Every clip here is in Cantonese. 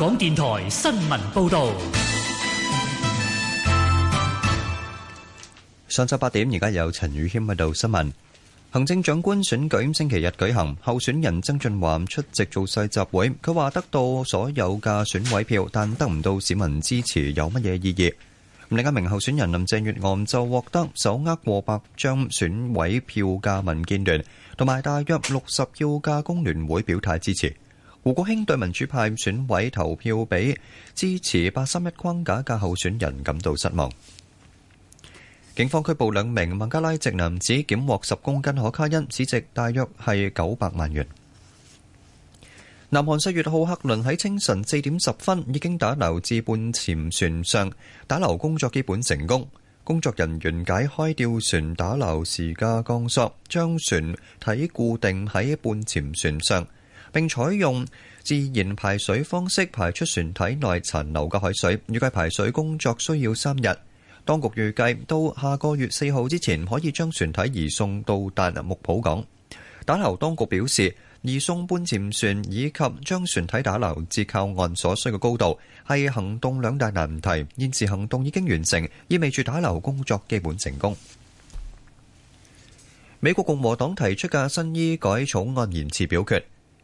港電台新聞報道：上晝八點，而家有陳宇謙喺度。新聞：行政長官選舉星期日舉行，候選人曾俊華出席造勢集會。佢話得到所有嘅選委票，但得唔到市民支持，有乜嘢意義？咁另一名候選人林鄭月娥就獲得手握過百張選委票嘅民建聯，同埋大約六十票嘅工聯會表態支持。胡國興對民主派選委投票俾支持八三一框架嘅候選人感到失望。警方拘捕兩名孟加拉籍男子，檢獲十公斤可卡因，市值大約係九百萬元。南韓世越號客輪喺清晨四點十分已經打撈至半潛船上，打撈工作基本成功。工作人員解開吊船打撈時嘅鋼索，將船體固定喺半潛船上，並採用自然排水方式排出船體內殘留嘅海水。預計排水工作需要三日。當局預計到下個月四號之前可以將船體移送到達木浦港打撈。當局表示，移送半潛船以及將船體打撈至靠岸所需嘅高度係行動兩大難題。現時行動已經完成，意味住打撈工作基本成功。美國共和黨提出嘅新醫改草案延遲表決。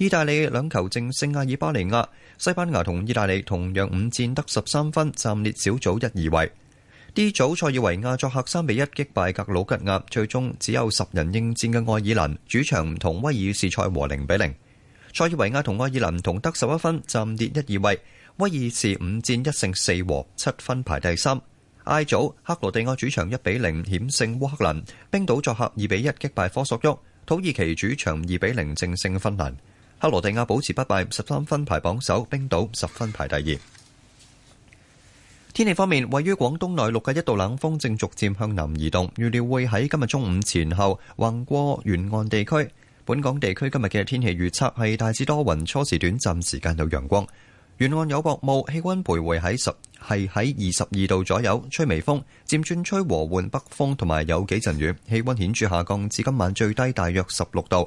意大利兩球淨勝阿爾巴尼亞，西班牙同意大利同樣五戰得十三分，暫列小組一二位。D 組，塞爾維亞作客三比一擊敗格魯吉亞，最終只有十人應戰嘅愛爾蘭主場同威爾士賽和零比零。塞爾維亞同愛爾蘭同得十一分，暫列一二位。威爾士五戰一勝四和，七分排第三。I 組，克羅地亞主場一比零險勝烏克蘭，冰島作客二比一擊敗科索沃，土耳其主場二比零淨勝芬蘭。克羅地亞保持不敗，十三分排榜首，冰島十分排第二。天氣方面，位於廣東內陸嘅一道冷鋒正逐漸向南移動，預料會喺今日中午前後橫過沿岸地區。本港地區今日嘅天氣預測係大致多雲，初時短暫時間有陽光，沿岸有薄霧，氣温徘徊喺十係喺二十二度左右，吹微風，漸轉吹和緩北風，同埋有,有幾陣雨，氣温顯著下降至今晚最低大約十六度。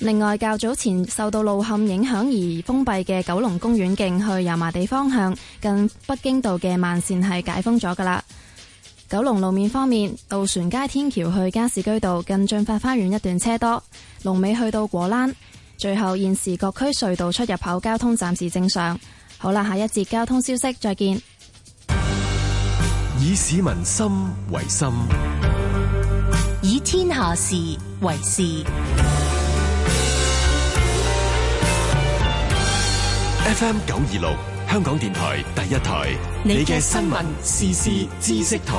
另外，較早前受到路陷影響而封閉嘅九龍公園徑去油麻地方向，近北京道嘅慢線係解封咗㗎喇。九龍路面方面，渡船街天橋去加士居道近駿發花園一段車多，龍尾去到果欄。最後現時各區隧道出入口交通暫時正常。好啦，下一節交通消息，再見。以市民心為心，以天下事為事。FM 九二六，香港電台第一台，你嘅新聞、時事、知識台，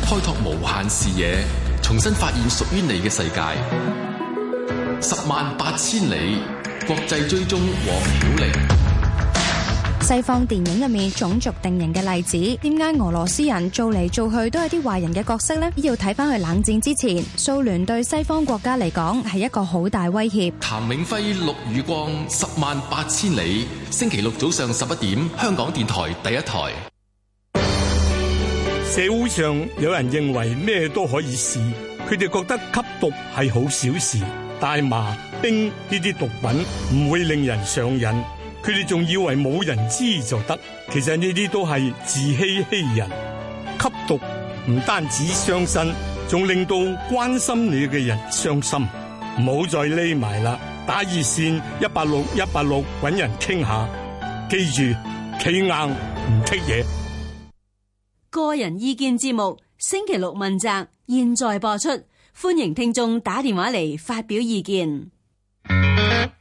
開拓無限視野，重新發現屬於你嘅世界，十萬八千里國際追蹤黃曉玲。西方電影入面種族定型嘅例子，點解俄羅斯人做嚟做去都係啲壞人嘅角色呢？要睇翻去冷戰之前，蘇聯對西方國家嚟講係一個好大威脅。譚永輝、陸宇光，十萬八千里，星期六早上十一點，香港電台第一台。社會上有人認為咩都可以試，佢哋覺得吸毒係好小事，大麻、冰呢啲毒品唔會令人上癮。佢哋仲以為冇人知就得，其實呢啲都係自欺欺人。吸毒唔單止傷身，仲令到關心你嘅人傷心。唔好再匿埋啦，打熱線 16, 16, 一八六一八六搵人傾下。記住，企硬唔踢嘢。踢個人意見節目，星期六問責，現在播出，歡迎聽眾打電話嚟發表意見。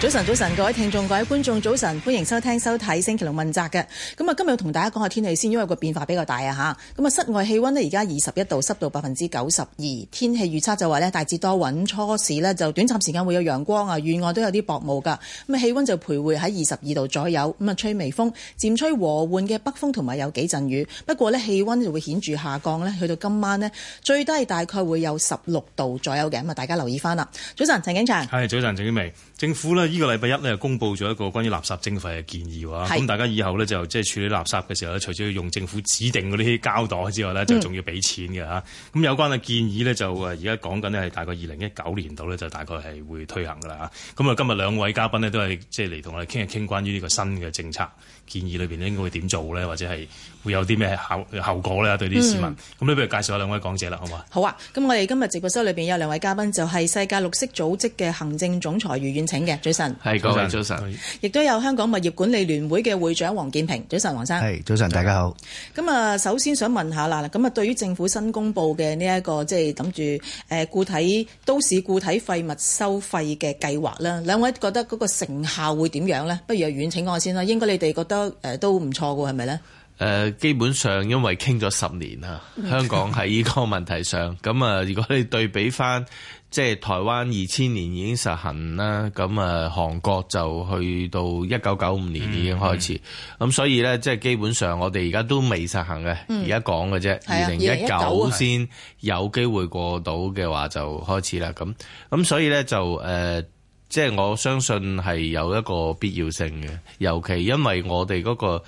早晨，早晨，各位聽眾各位觀眾早晨，歡迎收聽收睇《星期六問責》嘅。咁啊，今日同大家講下天氣先，因為個變化比較大啊嚇。咁啊，室外氣温呢而家二十一度，濕度百分之九十二。天氣預測就話呢大致多雲初時呢就短暫時間會有陽光啊，遠外都有啲薄霧噶，咁啊，氣温就徘徊喺二十二度左右。咁啊，吹微風漸吹和緩嘅北風同埋有幾陣雨。不過呢氣温就會顯著下降呢，去到今晚呢最低大概會有十六度左右嘅。咁啊，大家留意翻啦。早晨，陳景祥。係，早晨，鄭曉薇。政府咧。呢個禮拜一呢，就公布咗一個關於垃圾徵費嘅建議喎，咁是大家以後呢，就即係處理垃圾嘅時候呢，除咗要用政府指定嗰啲膠袋之外呢，就仲要俾錢嘅嚇。咁、嗯、有關嘅建議呢，就誒而家講緊呢，係大概二零一九年度呢，就大概係會推行嘅啦嚇。咁啊，今日兩位嘉賓呢，都係即係嚟同我哋傾一傾關於呢個新嘅政策建議裏邊呢，應該會點做呢，或者係。會有啲咩效後果咧？對啲市民咁、嗯、你不如介紹下兩位講者啦，好嘛？好啊！咁我哋今日直播室裏邊有兩位嘉賓，就係、是、世界綠色組織嘅行政總裁余遠請嘅，早晨。係，早晨。早晨。亦都晨有香港物業管理聯會嘅會長黃建平，早晨，黃生。係早晨，大家好。咁啊是，首先想問下啦，咁啊，對於政府新公布嘅呢一個即係諗住誒固體都市固體廢物收費嘅計劃啦，兩位覺得嗰個成效會點樣呢？不如有院請我先啦。應該你哋覺得誒都唔錯噶，係咪呢？誒基本上，因為傾咗十年啦，香港喺呢個問題上咁啊。 如果你對比翻，即係台灣二千年已經實行啦，咁啊，韓國就去到一九九五年已經開始咁，嗯嗯、所以呢，即係基本上我哋而家都未實行嘅，而家講嘅啫，二零一九先有機會過到嘅話就開始啦。咁咁所以呢，就、呃、誒，即係我相信係有一個必要性嘅，尤其因為我哋嗰、那個。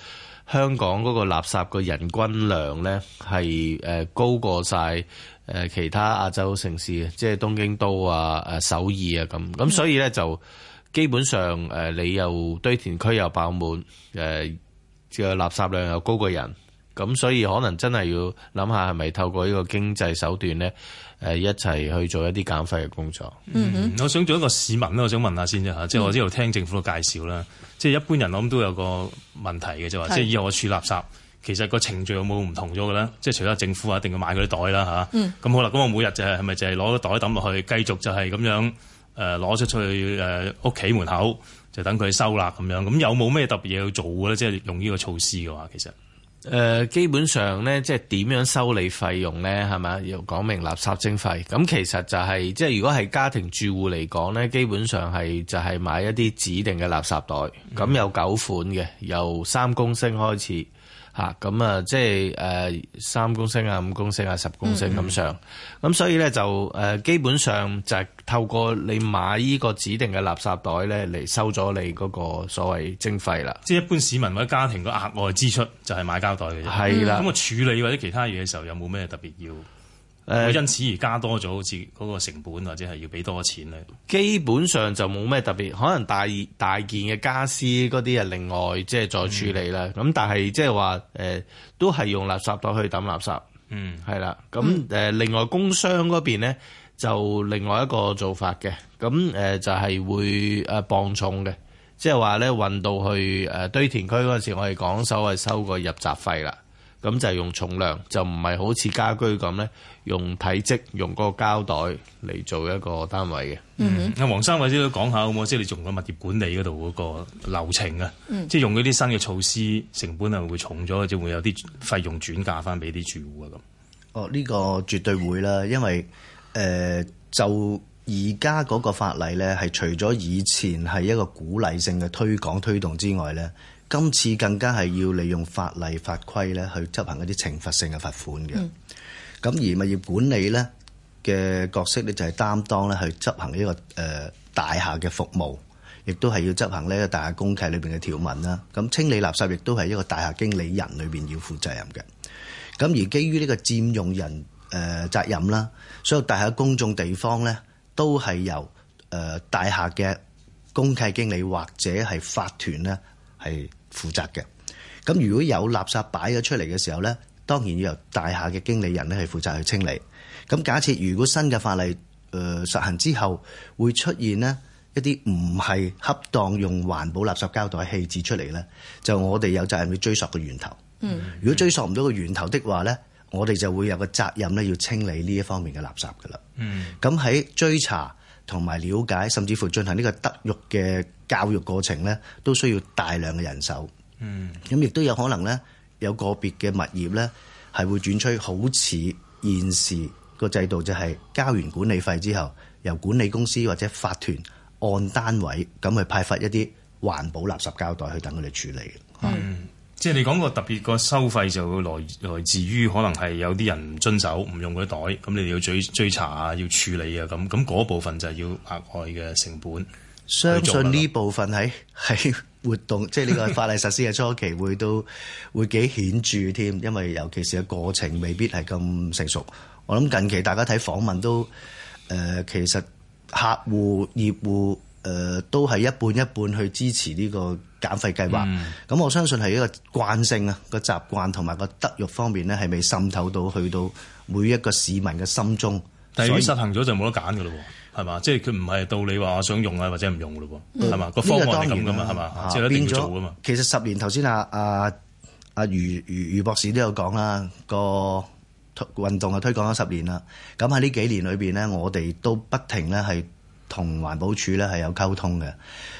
香港嗰垃圾嘅人均量咧係誒高過晒誒其他亞洲城市，即係東京都啊、誒首爾啊咁，咁、嗯、所以咧就基本上誒你又堆填區又爆滿誒嘅垃圾量又高過人。咁所以可能真係要諗下係咪透過呢個經濟手段咧，誒一齊去做一啲減廢嘅工作。嗯、mm，hmm. 我想做一個市民咧，我想問下先啫吓，mm hmm. 即係我之後聽政府嘅介紹啦。Mm hmm. 即係一般人我諗都有個問題嘅，就話即係以後我處理垃圾，其實個程序有冇唔同咗嘅咧？即係除咗政府啊，一定要買嗰啲袋啦吓。嗯、mm。咁、hmm. 啊、好啦，咁我每日就係係咪就係攞個袋抌落去，繼續就係咁樣誒攞出出去誒屋企門口，就等佢收啦咁樣。咁有冇咩特別嘢要做嘅咧？即係用呢個措施嘅話，其實。誒、呃，基本上呢，即係點樣收你費用呢？係咪？又講明垃圾徵費。咁其實就係、是，即係如果係家庭住戶嚟講呢，基本上係就係買一啲指定嘅垃圾袋。咁有九款嘅，由三公升開始。吓，咁啊！即係誒三公升啊、五公升啊、十公升咁上，咁、嗯嗯、所以咧就誒、呃、基本上就係透過你買依個指定嘅垃圾袋咧嚟收咗你嗰個所謂徵費啦。即係一般市民或者家庭個額外支出就係買膠袋嘅。係啦的。咁啊處理或者其他嘢嘅時候有冇咩特別要？誒因此而加多咗，好似嗰個成本或者係要俾多錢咧。基本上就冇咩特別，可能大大件嘅家私嗰啲係另外即係再處理啦。咁、嗯、但係即係話都係用垃圾袋去抌垃圾。嗯，係啦。咁、呃、另外工商嗰邊咧就另外一個做法嘅。咁、呃、就係、是、會誒、啊、磅重嘅，即係話咧運到去、啊、堆填區嗰陣時，我哋講收係收個入閘費啦。咁就係用重量，就唔係好似家居咁咧，用體積，用個膠袋嚟做一個單位嘅。Mm hmm. 嗯，阿黃生，或者都講下好唔好？即係你做個物業管理嗰度嗰個流程啊？即係用嗰啲新嘅措施，成本係會重咗，即係會有啲費用轉嫁翻俾啲住戶啊咁。哦，呢個絕對會啦，因為誒就而家嗰個法例咧，係除咗以前係一個鼓勵性嘅推廣推動之外咧。今次更加係要利用法例、法規咧去執行一啲懲罰性嘅罰款嘅。咁、嗯、而物業管理呢嘅角色咧就係擔當咧去執行呢個、呃、大廈嘅服務，亦都係要執行呢個大廈公契裏邊嘅條文啦。咁清理垃圾亦都係一個大廈經理人裏面要負責任嘅。咁而基於呢個佔用人誒、呃、責任啦，所有大廈公眾地方呢，都係由大廈嘅公契經理或者係法團呢。係。負責嘅，咁如果有垃圾擺咗出嚟嘅時候呢，當然要由大廈嘅經理人咧去負責去清理。咁假設如果新嘅法例誒實行之後，會出現咧一啲唔係恰當用環保垃圾膠袋棄置出嚟呢，就我哋有責任去追溯個源頭。嗯，如果追溯唔到個源頭的話呢，我哋就會有個責任咧要清理呢一方面嘅垃圾㗎啦。嗯，咁喺追查同埋了解，甚至乎進行呢個德育嘅。教育過程咧都需要大量嘅人手，嗯，咁亦都有可能咧，有個別嘅物業咧係會轉出，好似現時個制度就係交完管理費之後，由管理公司或者法團按單位咁去派發一啲環保垃圾膠袋去等佢哋處理嘅。嗯，即係你講個特別個收費就來，來自於可能係有啲人唔遵守唔用嗰啲袋，咁你哋要追追查啊，要處理啊，咁咁嗰部分就係要額外嘅成本。相信呢部分喺喺活動， 即係呢個法例實施嘅初期，會都會幾顯著添。因為尤其是個過程未必係咁成熟。我諗近期大家睇訪問都，誒、呃，其實客戶、業戶，誒、呃，都係一半一半去支持呢個減費計劃。咁、嗯、我相信係一個慣性啊，個習慣同埋個德育方面咧，係未滲透到去到每一個市民嘅心中。所以實行咗就冇得揀噶咯。係嘛？即係佢唔係到你話想用啊，或者唔用咯？係嘛，嗯？個方案係咁噶嘛？係嘛？即係一定要做噶嘛？其實十年頭先阿阿阿余余余博士都有講啦，個運動啊推廣咗十年啦。咁喺呢幾年裏邊咧，我哋都不停咧係同環保署咧係有溝通嘅，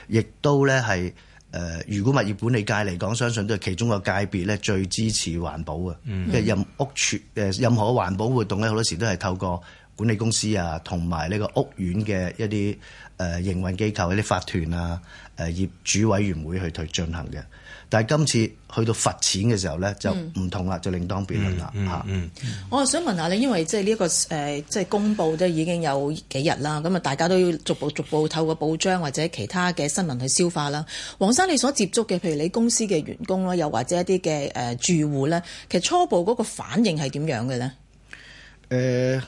亦都咧係誒，如果物業管理界嚟講，相信都係其中個界別咧最支持環保嘅。即係、嗯、任屋署誒，任何環保活動咧，好多時都係透過。管理公司啊，同埋呢個屋苑嘅一啲誒、呃、營運機構、一啲法團啊、誒、呃、業主委員會去去進行嘅。但係今次去到罰錢嘅時候咧，就唔同啦，嗯、就另當別論啦，嗯，嗯，嗯，嗯。我又想問下你，因為即係呢一個即係、呃、公佈都已經有幾日啦，咁啊大家都要逐步逐步透過報章或者其他嘅新聞去消化啦。黃生，你所接觸嘅，譬如你公司嘅員工啦，又或者一啲嘅誒住戶咧，其實初步嗰個反應係點樣嘅咧？呃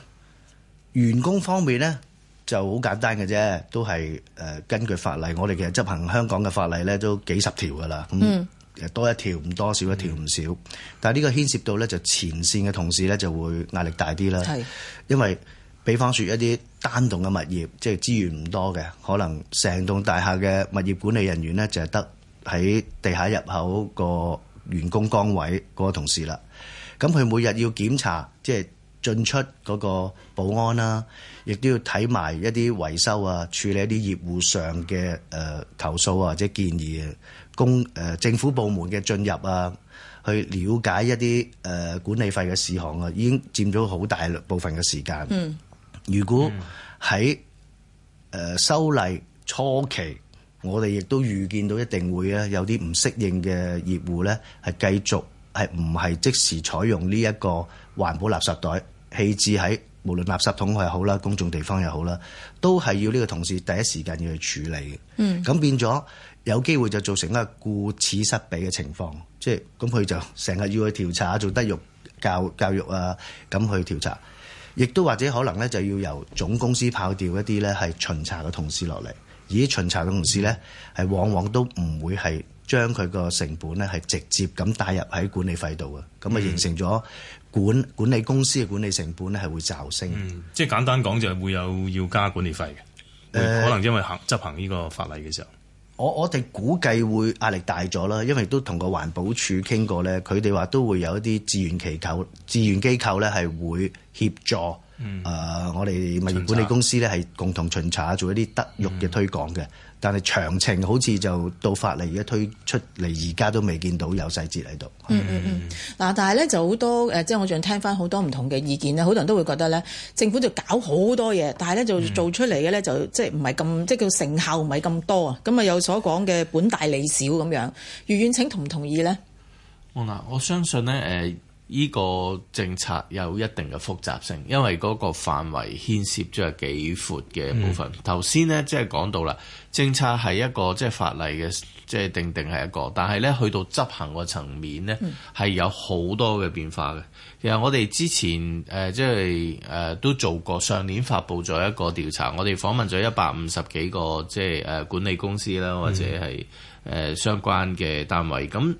員工方面呢，就好簡單嘅啫，都係誒根據法例，我哋其實執行香港嘅法例呢，都幾十條噶啦，咁、嗯、多一條唔多，少一條唔少。嗯、但呢個牽涉到呢，就前線嘅同事呢，就會壓力大啲啦。是因為比方説一啲單棟嘅物業，即係資源唔多嘅，可能成棟大廈嘅物業管理人員呢，就係得喺地下入口個員工崗位嗰個同事啦。咁佢每日要檢查即係。進出嗰個保安啦，亦都要睇埋一啲維修啊，處理一啲業戶上嘅誒、呃、投訴啊，或者建議，公誒、呃、政府部門嘅進入啊，去了解一啲誒、呃、管理費嘅事項啊，已經佔咗好大部分嘅時間。嗯、如果喺誒、呃、修例初期，我哋亦都預見到一定會咧有啲唔適應嘅業戶咧，係繼續係唔係即時採用呢一個環保垃圾袋？棄置喺無論垃圾桶又好啦，公眾地方又好啦，都係要呢個同事第一時間要去處理嘅。咁、嗯、變咗有機會就造成一個顧此失彼嘅情況，即係咁佢就成、是、日要去調查，做德育教教育啊，咁去調查，亦都或者可能咧就要由總公司跑掉一啲咧係巡查嘅同事落嚟，而啲巡查嘅同事咧係、嗯、往往都唔會係將佢個成本咧係直接咁帶入喺管理費度嘅，咁啊形成咗。管管理公司嘅管理成本咧，係會驟升。嗯，即係簡單講就係會有要加管理費嘅，可能因為行執、呃、執行呢個法例嘅時候，我我哋估計會壓力大咗啦。因為都同個環保署傾過咧，佢哋話都會有一啲志願機構、志願機構咧係會協助。誒、嗯呃，我哋物業管理公司咧係共同巡查，做一啲德育嘅推廣嘅。嗯嗯但係長程好似就到法例而家推出嚟，而家都未見到有細節喺度，mm hmm. 嗯。嗯嗯嗯。嗱，但係咧就好多即係我仲聽翻好多唔同嘅意見啦。好多人都會覺得咧，政府就搞好多嘢，但係咧就做出嚟嘅咧就即係唔係咁，即叫，mm hmm. 成效唔係咁多啊。咁啊，有所講嘅本大利小咁樣，余遠請同唔同意咧？我嗱，我相信咧呢個政策有一定嘅複雜性，因為嗰個範圍牽涉咗係幾闊嘅部分。頭先、嗯、呢，即係講到啦，政策係一個即係、就是、法例嘅，即、就、係、是、定定係一個，但係呢，去到執行個層面呢，係、嗯、有好多嘅變化嘅。其實我哋之前誒、呃、即係誒、呃、都做過，上年發布咗一個調查，我哋訪問咗一百五十幾個即係、呃、管理公司啦，或者係誒、呃、相關嘅單位。咁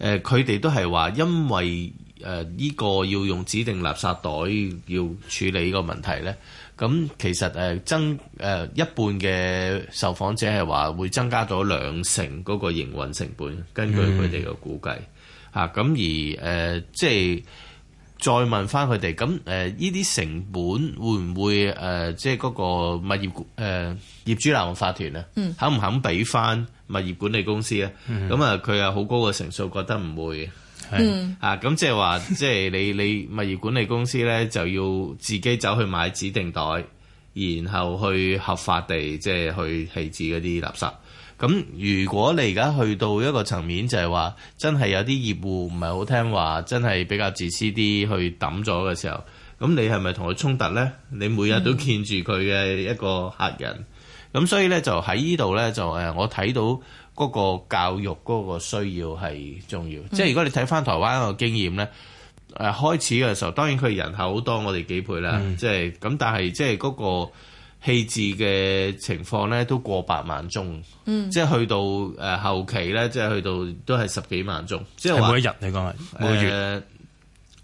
佢哋都係話因為誒依個要用指定垃圾袋要處理呢個問題呢。咁其實誒增誒一半嘅受訪者係話會增加咗兩成嗰個營運成本，根據佢哋嘅估計嚇。咁、mm. 啊、而誒、呃、即係再問翻佢哋，咁誒依啲成本會唔會誒、呃、即係嗰個物業誒、呃、業主立案法團啊，mm. 肯唔肯俾翻物業管理公司咧？咁、mm. 啊，佢啊好高嘅成數覺得唔會嗯啊，咁即係話，即係你你物業管理公司咧就要自己走去買指定袋，然後去合法地即係去棄置嗰啲垃圾。咁如果你而家去到一個層面，就係話真係有啲業戶唔係好聽話，真係比較自私啲去抌咗嘅時候，咁你係咪同佢衝突咧？你每日都見住佢嘅一個客人，咁、嗯、所以咧就喺呢度咧就誒，我睇到。嗰個教育嗰個需要係重要，即係如果你睇翻台灣個經驗咧，誒、嗯呃、開始嘅時候，當然佢人口好多，我哋幾倍啦，即係咁，但係即係嗰個棄置嘅情況咧都過百萬宗，嗯、即係去到誒後期咧，即、就、係、是、去到都係十幾萬宗，嗯、即係每一日你講係，每月、呃、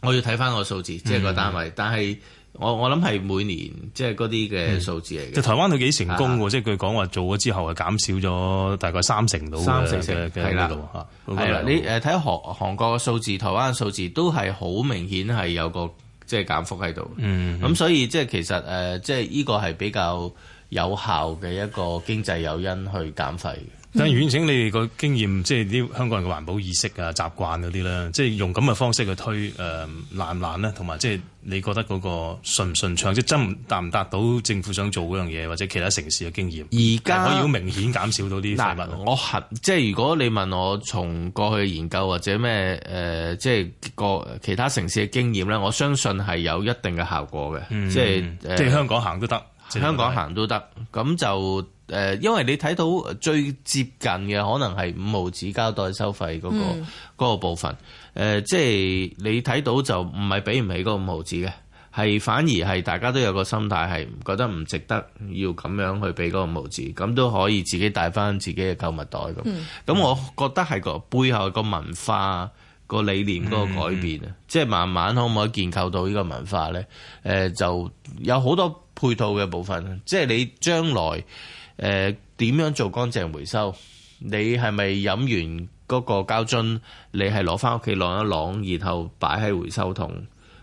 我要睇翻個數字，即係、嗯、個單位，嗯、但係。我我諗係每年即係嗰啲嘅數字嚟嘅、嗯。就台灣佢幾成功喎，即係佢講話做咗之後係減少咗大概三成到三四成喺度嚇。係啦，你誒睇韓韓國嘅數字、台灣嘅數字都係好明顯係有個即係減幅喺度。嗯，咁所以即係其實誒、呃，即係呢個係比較有效嘅一個經濟誘因去減廢。但係，遠騁你哋個經驗，即係啲香港人嘅環保意識啊、習慣嗰啲啦，即係用咁嘅方式去推，誒、呃、難唔難咧？同埋即係你覺得嗰個順唔順暢，即係真達唔達到政府想做嗰樣嘢，或者其他城市嘅經驗，而家在可以好明顯減少到啲廢物呢？我合即係如果你問我從過去嘅研究或者咩誒、呃，即係個其他城市嘅經驗咧，我相信係有一定嘅效果嘅，嗯、即係、呃、即係香港行都得。香港行都得，咁就誒、呃，因為你睇到最接近嘅可能係五毫紙膠袋收費嗰、那個嗰、嗯、個部分，誒、呃，即係你睇到就唔係俾唔起嗰五毫紙嘅，係反而係大家都有個心態係覺得唔值得要咁樣去俾嗰五毫紙，咁都可以自己帶翻自己嘅購物袋咁。咁、嗯、我覺得係、那個背後個文化個理念個改變啊，嗯、即係慢慢可唔可以建構到呢個文化咧？誒、呃，就有好多。配套嘅部分，即係你將來誒點樣做乾淨回收？你係咪飲完嗰個膠樽？你係攞翻屋企晾一晾，然後擺喺回收桶？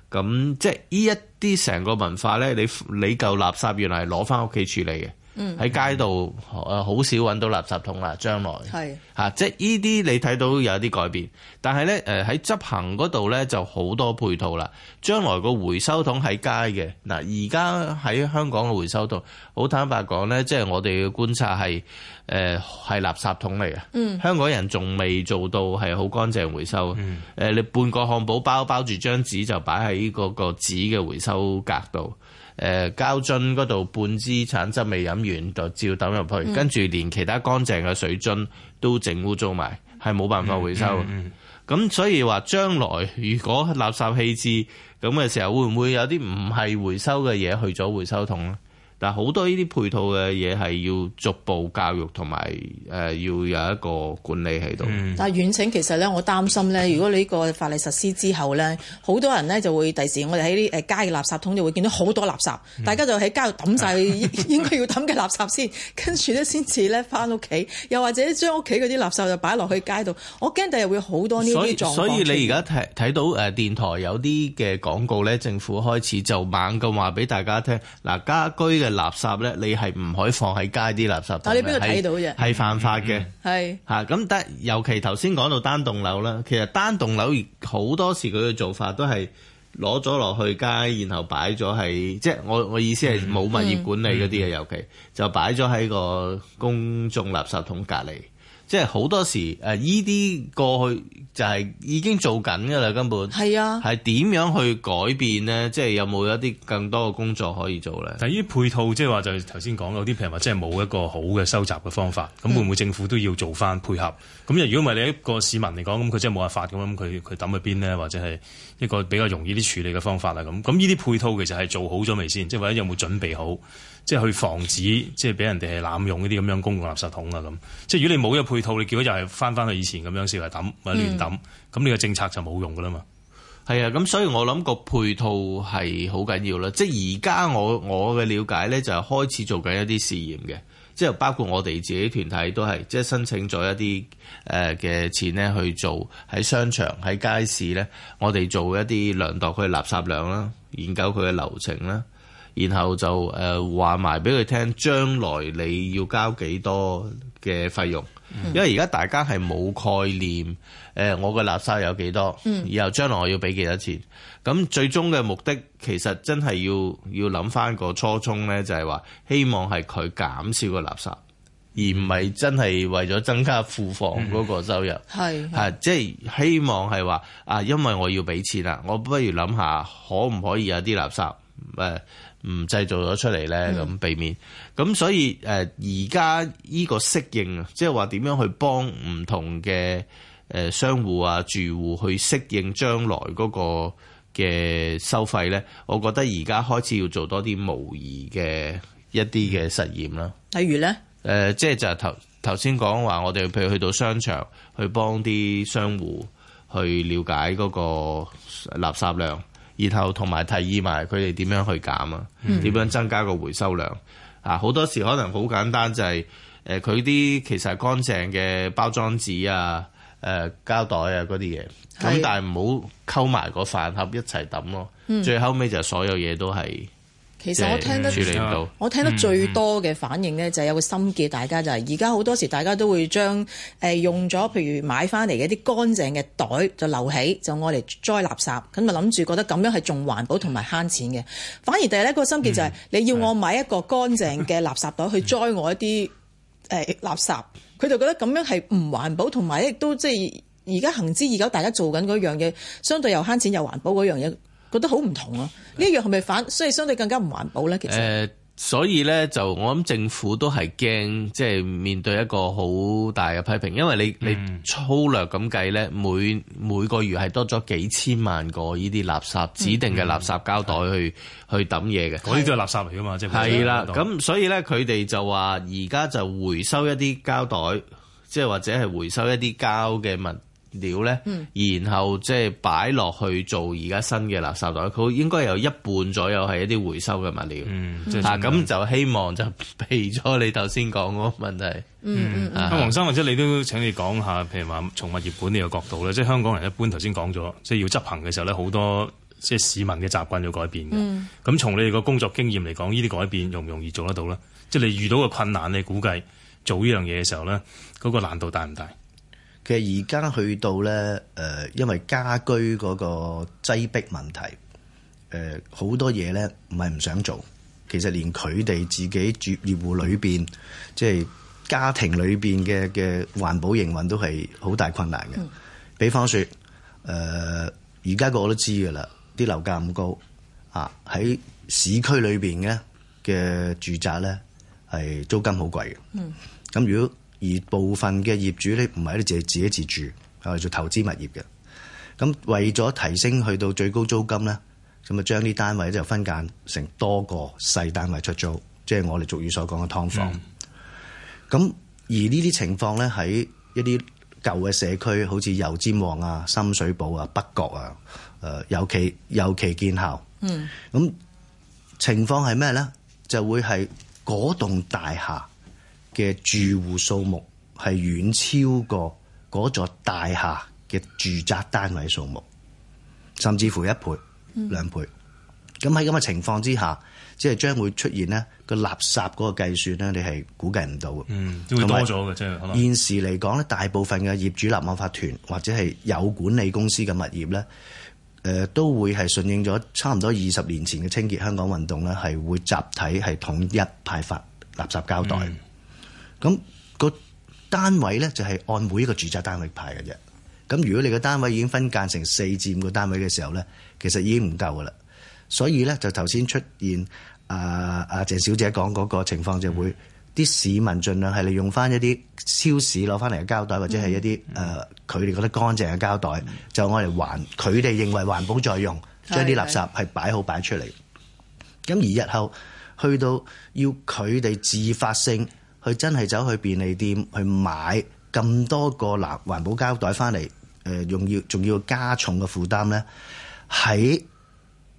咁即係呢一啲成個文化咧？你你嚿垃圾原來係攞翻屋企處理嘅？喺街度誒好少揾到垃圾桶啦，將來係嚇，即係依啲你睇到有啲改變，但係咧誒喺執行嗰度咧就好多配套啦。將來個回收桶喺街嘅嗱，而家喺香港嘅回收桶，好坦白講咧，即係我哋嘅觀察係誒係垃圾桶嚟嘅。嗯，香港人仲未做到係好乾淨回收。嗯，誒你半個漢堡包包住張紙就擺喺嗰個紙嘅回收格度。誒、呃、膠樽嗰度半支橙汁未飲完就照抌入去，跟住、嗯、連其他乾淨嘅水樽都整污糟埋，係冇辦法回收。咁、嗯嗯、所以話將來如果垃圾棄置咁嘅時候，會唔會有啲唔係回收嘅嘢去咗回收桶呢？但係好多呢啲配套嘅嘢係要逐步教育同埋誒，要有一個管理喺度。嗯、但係遠騁其實咧，我擔心咧，如果你呢個法例實施之後咧，好多人咧就會第時我哋喺啲誒街嘅垃圾桶就會見到好多垃圾，嗯、大家就喺街度抌晒，應該要抌嘅垃圾先， 跟住咧先至咧翻屋企，又或者將屋企嗰啲垃圾就擺落去街度，我驚第日會好多呢啲狀況。所以你而家睇睇到誒電台有啲嘅廣告咧，政府開始就猛咁話俾大家聽，嗱、啊、家居嘅。垃圾呢，你係唔可以放喺街啲垃圾桶度，你邊度睇到，係犯法嘅。係吓咁，但尤其頭先講到單棟樓啦，其實單棟樓好多時佢嘅做法都係攞咗落去街，然後擺咗喺，即係我我意思係冇物業管理嗰啲嘢，嗯嗯、尤其就擺咗喺個公眾垃圾桶隔離。即係好多時誒，依啲過去就係已經做緊㗎啦，根本係啊，係點樣去改變咧？即係有冇一啲更多嘅工作可以做咧？但係配套即係話就頭先講啦，有啲譬如話即係冇一個好嘅收集嘅方法，咁會唔會政府都要做翻配合？咁如果唔係你一個市民嚟講，咁佢真係冇辦法咁，佢佢抌去邊咧？或者係一個比較容易啲處理嘅方法啦。咁咁呢啲配套其實係做好咗未先？即係或者有冇準備好，即係去防止即係俾人哋係濫用呢啲咁樣公共垃圾桶啊？咁即係如果你冇呢個配套，你結果又係翻翻去以前咁樣先嚟抌，或者亂抌，咁呢、嗯、個政策就冇用噶啦嘛。係啊，咁所以我諗個配套係好緊要啦。即係而家我我嘅了解咧，就係開始做緊一啲試驗嘅。即係包括我哋自己團體都係，即係申請咗一啲誒嘅錢咧，去做喺商場、喺街市咧，我哋做一啲量度佢垃圾量啦，研究佢嘅流程啦，然後就誒話埋俾佢聽，將來你要交幾多嘅費用。因為而家大家係冇概念，誒、呃，我嘅垃圾有幾多，以後將來我要俾幾多錢？咁最終嘅目的其實真係要要諗翻個初衷呢，就係、是、話希望係佢減少個垃圾，而唔係真係為咗增加庫房嗰個收入。係、嗯，吓，即係、啊就是、希望係話啊，因為我要俾錢啦，我不如諗下可唔可以有啲垃圾誒？呃唔製造咗出嚟呢，咁避免。咁、嗯、所以誒，而家依個適應啊，即係話點樣去幫唔同嘅誒商戶啊、呃、住戶去適應將來嗰個嘅收費呢？我覺得而家開始要做多啲模擬嘅一啲嘅實驗啦。例如呢，誒、呃，即係就係頭頭先講話，我哋譬如去到商場去幫啲商戶去了解嗰個垃圾量。然後同埋提議埋佢哋點樣去減啊，點、嗯、樣增加個回收量啊？好多時可能好簡單，就係，就係誒佢啲其實係乾淨嘅包裝紙啊、誒、呃、膠袋啊嗰啲嘢，咁是但係唔好溝埋個飯盒一齊抌咯。最後尾就所有嘢都係。嗯其實我聽得我聽得最多嘅反應咧，就係有個心結，大家就係而家好多時，大家都會將誒用咗，譬如買翻嚟嘅一啲乾淨嘅袋就留起，就攞嚟栽垃圾，咁就諗住覺得咁樣係仲環保同埋慳錢嘅。反而第二呢個心結就係你要我買一個乾淨嘅垃圾袋去栽我一啲誒垃圾，佢就覺得咁樣係唔環保同埋亦都即係而家行之已久，大家做緊嗰樣嘢，相對又慳錢又環保嗰樣嘢。覺得好唔同啊，呢樣係咪反，所以相對更加唔環保咧？其實誒，所以咧就我諗政府都係驚，即係面對一個好大嘅批評，因為你、嗯、你粗略咁計咧，每每個月係多咗幾千萬個呢啲垃圾、嗯、指定嘅垃圾膠袋去、嗯、係嘅去抌嘢嘅，嗰啲都係垃圾嚟噶嘛？即係係啦，咁、嗯、所以咧佢哋就話而家就回收一啲膠袋，即係或者係回收一啲膠嘅物料咧，然後即係擺落去做而家新嘅垃圾袋，佢應該有一半左右係一啲回收嘅物料。嗯，啊咁是就希望就避咗你頭先講嗰個問題。嗯，啊，黃、嗯嗯、生或者你都請你講下，譬如話從物業管理嘅角度咧，即係香港人一般頭先講咗，即係要執行嘅時候咧，好多即係市民嘅習慣要改變嘅。咁從、嗯、你哋個工作經驗嚟講，呢啲改變容唔容易做得到咧？即係你遇到嘅困難，你估計做呢樣嘢嘅時候咧，嗰、嗰個難度大唔大？其實而家去到咧，誒，因為家居嗰個擠迫問題，誒，好多嘢咧唔係唔想做。其實連佢哋自己住業戶裏邊，即係家庭裏邊嘅嘅環保營運都係好大困難嘅。嗯，比方說，誒，而家個我都知㗎啦，啲樓價咁高啊，喺市區裏邊咧嘅住宅咧，係租金好貴嘅。嗯，咁如果而部分嘅業主咧，唔係你就係自己自住，係做投資物業嘅。咁為咗提升去到最高租金咧，咁就將啲單位就分間成多個細單位出租，即係我哋俗語所講嘅劏房。咁、嗯、而呢啲情況咧，喺一啲舊嘅社區，好似油尖旺啊、深水埗啊、北角啊，誒，尤其尤其建校。嗯。咁情況係咩咧？就會係嗰棟大廈。嘅住戶數目係遠超過嗰座大廈嘅住宅單位數目，甚至乎一倍、兩倍。咁喺咁嘅情況之下，即係將會出現咧個垃圾嗰個計算咧，你係估計唔到嘅。嗯，會多咗嘅，即係有現時嚟講咧，大部分嘅業主立案法團或者係有管理公司嘅物業咧，誒、呃、都會係順應咗差唔多二十年前嘅清潔香港運動咧，係會集體係統一派發垃圾膠袋。嗯咁、那個單位咧就係、是、按每一個住宅單位排嘅啫。咁如果你個單位已經分間成四至五個單位嘅時候咧，其實已經唔夠噶啦。所以咧就頭先出現啊啊鄭小姐講嗰個情況，嗯、就會啲市民盡量係利用翻一啲超市攞翻嚟嘅膠袋，或者係一啲誒佢哋覺得乾淨嘅膠袋，嗯、就我嚟還佢哋認為環保再用，將啲垃圾係擺好擺出嚟。咁的而日後去到要佢哋自發性。佢真係走去便利店去買咁多個籃環保膠袋翻嚟，誒要仲要加重嘅負擔咧。喺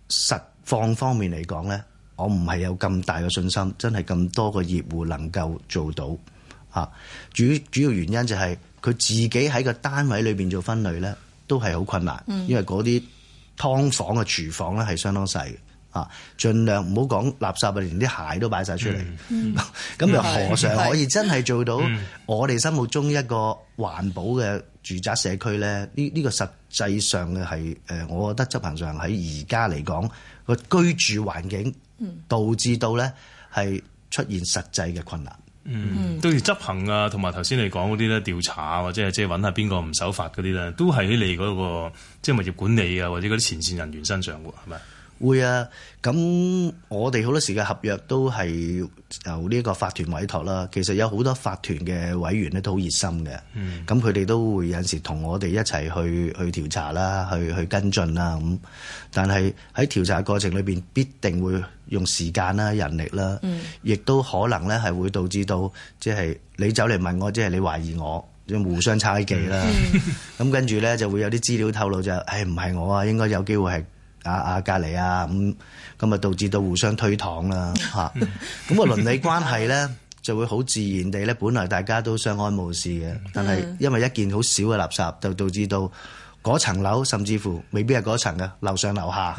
實況方面嚟講咧，我唔係有咁大嘅信心，真係咁多個業戶能夠做到，啊、主主要原因就係佢自己喺個單位裏面做分類咧，都係好困難，嗯、因為嗰啲劏房嘅廚房咧係相當細嘅。啊！儘量唔好講垃圾啊，連啲鞋都擺晒出嚟，咁又、嗯嗯、 何嘗可以真係做到我哋心目中一個環保嘅住宅社區咧？呢、呢、呢個實際上嘅係誒，我覺得執行上喺而家嚟講個居住環境導致到咧係出現實際嘅困難。嗯，對於執行啊，同埋頭先你講嗰啲咧調查啊，或者係即係揾下邊個唔守法嗰啲咧，都係喺你嗰、嗰個即係物業管理啊，或者嗰啲前線人員身上喎，係咪？會啊，咁我哋好多時嘅合約都係由呢個法團委託啦。其實有好多法團嘅委員咧都好熱心嘅。咁佢哋都會有時同我哋一齊去去調查啦，去去跟進啦咁。但係喺調查過程裏面，必定會用時間啦、人力啦，亦、嗯、都可能咧係會導致到即係你走嚟問我，即係你懷疑我，即係互相猜忌啦。咁、嗯、 跟住咧就會有啲資料透露就誒唔係我啊，應該有機會係。啊啊！隔離啊，咁咁啊，導致到互相推搪啦吓，咁啊， 啊倫理關係呢，就會好自然地呢。本來大家都相安無事嘅，但係因為一件好少嘅垃圾，就導致到。嗰層樓甚至乎未必係嗰層嘅樓上樓下，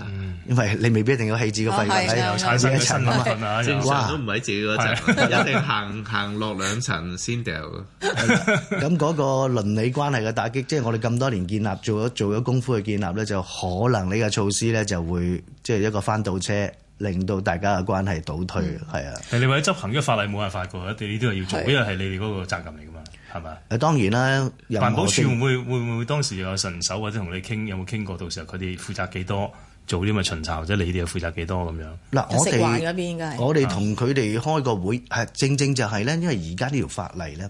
因為你未必一定要棄置個廢屋喺又踩住一層啊嘛，先層都唔喺自己嗰層，一定行行落兩層先掉。咁嗰個倫理關係嘅打擊，即係我哋咁多年建立做咗做咗功夫去建立咧，就可能呢個措施咧就會即係一個翻倒車，令到大家嘅關係倒退，係啊。你為咗執行呢個法例冇辦法嘅，你都係要做，因為係你哋嗰個責任嚟㗎嘛。係嘛？誒當然啦。環保署會會唔會當時有神手或者同你傾，有冇傾過？到時候佢哋負責幾多做啲咁嘅巡查，或者你哋又負責幾多咁樣？嗱，我哋我哋同佢哋開個會，係的正正就係咧，因為而家呢條法例咧，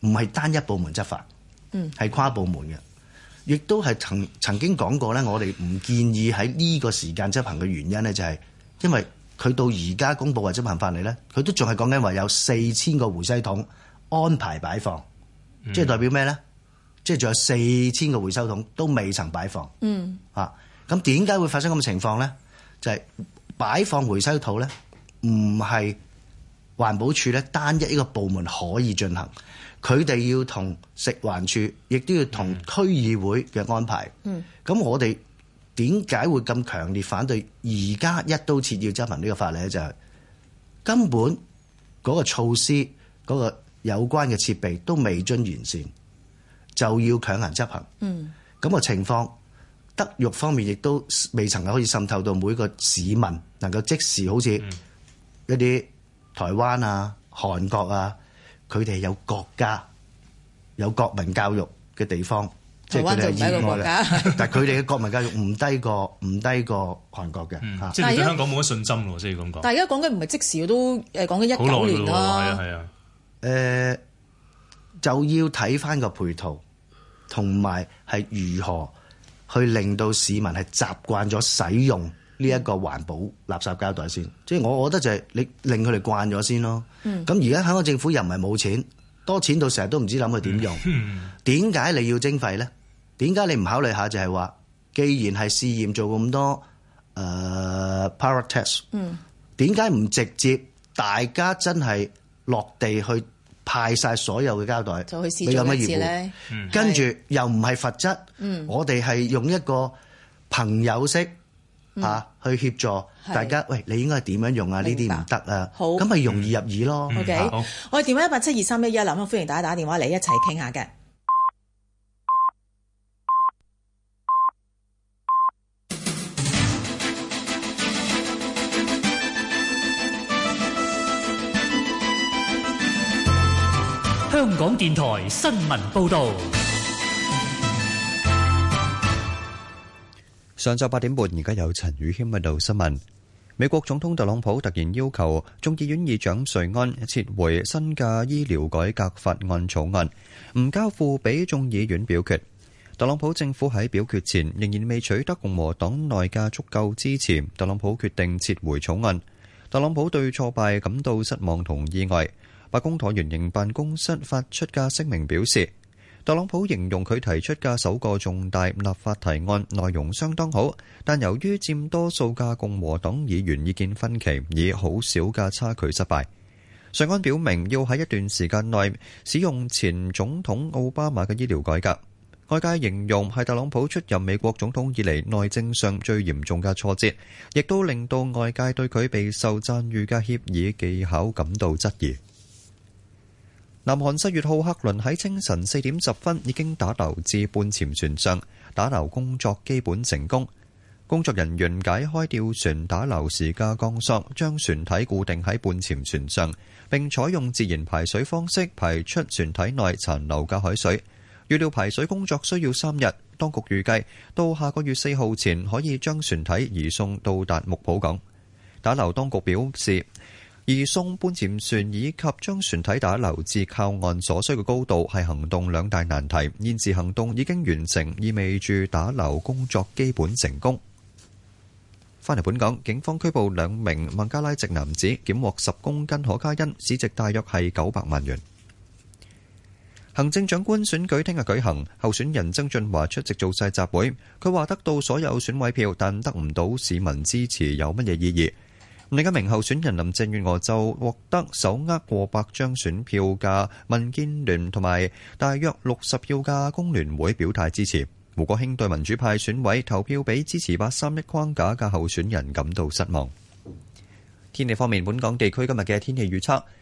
唔係單一部門執法，嗯，係跨部門嘅，亦都係曾曾經講過咧，我哋唔建議喺呢個時間執行嘅原因咧，就係因為佢到而家公布或者執行法例咧，佢都仲係講緊話有四千個回收桶安排擺放。即係代表咩咧？即係仲有四千個回收桶都未曾擺放。嗯。吓，咁點解會發生咁嘅情況咧？就係擺放回收桶咧，唔係環保署咧單一一個部門可以進行，佢哋要同食環署，亦都要同區議會嘅安排。嗯。咁我哋點解會咁強烈反對而家一刀切要執行呢個法例咧？就係根本嗰個措施嗰個有關嘅設備都未盡完善，就要強行執行。嗯，咁個情況，德育方面亦都未曾可以滲透到每一個市民，能夠即時好似一啲台灣啊、韓國啊，佢哋有國家有國民教育嘅地方，即係佢哋係另外一個國家。但係佢哋嘅國民教育唔低過唔低過韓國嘅，即係對香港冇乜信心咯，即係咁講。但係而家講嘅唔係即時，都誒講緊一九年啦。係啊係啊。誒、呃、就要睇翻個配套，同埋係如何去令到市民係習慣咗使用呢一個環保垃圾膠袋先。即係我覺得就係你令佢哋慣咗先咯。咁而家香港政府又唔係冇錢，多錢到成日都唔知諗佢點用。點解、嗯、 你要徵費咧？點解你唔考慮下就係話既然係試驗做咁多誒 pilot test，點解唔直接大家真係落地去？派晒所有嘅膠袋，就去你有乜業務。嗯、跟住又唔係罰則，嗯、我哋係用一個朋友式，嗯啊、去協助大家。喂，你應該點樣用啊？呢啲唔得啊，好，咁咪容易入耳咯。嗯啊 okay. 嗯、好，我哋電話一八七二三一一，林，歡迎大家打電話嚟一齊傾下嘅。香港電台新聞報道：上晝八點半，而家有陳宇謙報道新聞。美國總統特朗普突然要求眾議院議長瑞安撤回新嘅醫療改革法案草案，唔交付俾眾議院表決。特朗普政府喺表決前仍然未取得共和黨內嘅足夠支持，特朗普決定撤回草案。特朗普對挫敗感到失望同意外。白宮橢圓形辦公室發出嘅聲明表示，特朗普形容佢提出嘅首個重大立法提案內容相當好，但由於佔多數嘅共和黨議員意見分歧，以好少嘅差距失敗。瑞安表明要喺一段時間內使用前總統奧巴馬嘅醫療改革。外界形容係特朗普出任美國總統以嚟內政上最嚴重嘅挫折，亦都令到外界對佢備受讚譽嘅協議技巧感到質疑。南韓七月號客輪喺清晨四點十分已經打撈至半潛船上，打撈工作基本成功。工作人員解開吊船打撈時嘅鋼索，將船體固定喺半潛船上，並採用自然排水方式排出船體內殘留嘅海水。預料排水工作需要三日，當局預計到下個月四號前可以將船體移送到達木浦港。打撈當局表示。而送搬潛船以及將船體打撈至靠岸所需嘅高度係行動兩大難題。現時行動已經完成，意味住打撈工作基本成功。翻嚟本港，警方拘捕兩名孟加拉籍男子，檢獲十公斤可卡因，市值大約係九百萬元。行政長官選舉聽日舉行，候選人曾俊華出席造勢集會，佢話得到所有選委票，但得唔到市民支持有乜嘢意義？另一名候選人林鄭月娥就獲得手握過百張選票嘅民建聯同埋大約六十票嘅工聯會表態支持。胡國興對民主派選委投票俾支持八三一框架嘅候選人感到失望。天氣方面，本港地區今日嘅天氣預測。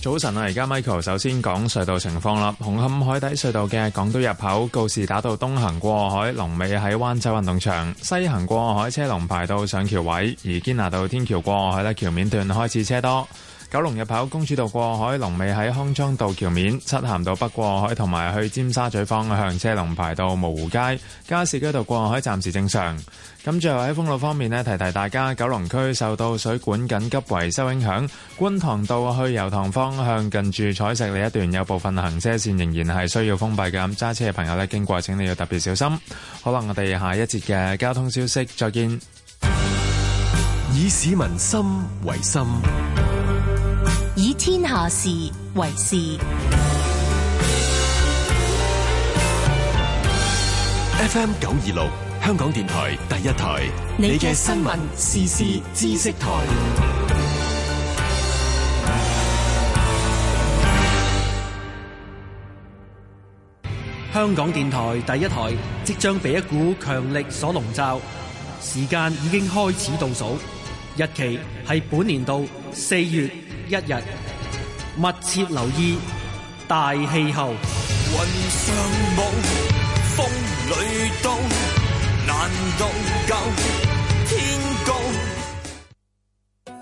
早晨啊，而家 Michael 首先講隧道情況啦。紅磡海底隧道嘅港島入口告士打道東行過海，龍尾喺灣仔運動場；西行過海車龍排到上橋位，而堅拿道天橋過海咧，橋面段開始車多。九龍入口公主道過海龍尾喺康莊道橋面，漆咸道北過海同埋去尖沙咀方向車龍排到蕪湖街，加士居道過海暫時正常。咁最後喺封路方面呢，提提大家，九龍區受到水管緊急維修影響，觀塘道去油塘方向近住彩石里一段有部分行車線仍然係需要封閉嘅，揸車嘅朋友呢，經過，請你要特別小心。好啦，我哋下一節嘅交通消息再見。以市民心為心。下事為事，FM 九二六香港電台第一台，你嘅新聞時事知識台，香港電台第一台即將被一股強力所籠罩，時間已經開始倒數，日期係本年度四月一日。密切留意大氣候。雲上舞，風裏刀，難度夠天高。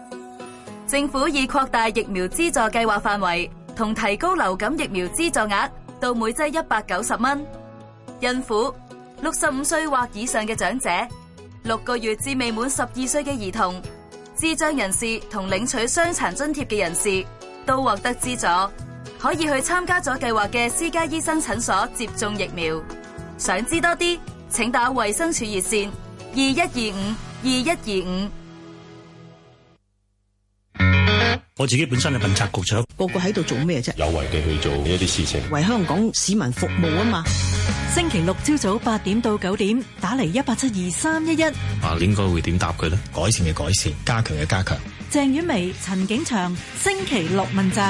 政府已擴大疫苗資助計劃範圍，同提高流感疫苗資助額到每劑一百九十蚊。孕婦、六十五歲或以上嘅長者、六個月至未滿十二歲嘅兒童、智障人士同領取傷殘津貼嘅人士都獲得資助，可以去參加咗計劃嘅私家醫生診所接種疫苗。想知多啲，請打衛生署熱線二一二五二一二五。21 25, 21 25，我自己本身係問責局長，個個喺度做咩啫？有為地去做呢一啲事情，為香港市民服務啊嘛。 星期六朝早八點到九點，打嚟一八七二三一一。啊，應該會點答佢咧？改善嘅改善，加強嘅加強。鄭婉薇、陳景祥，星期六問責。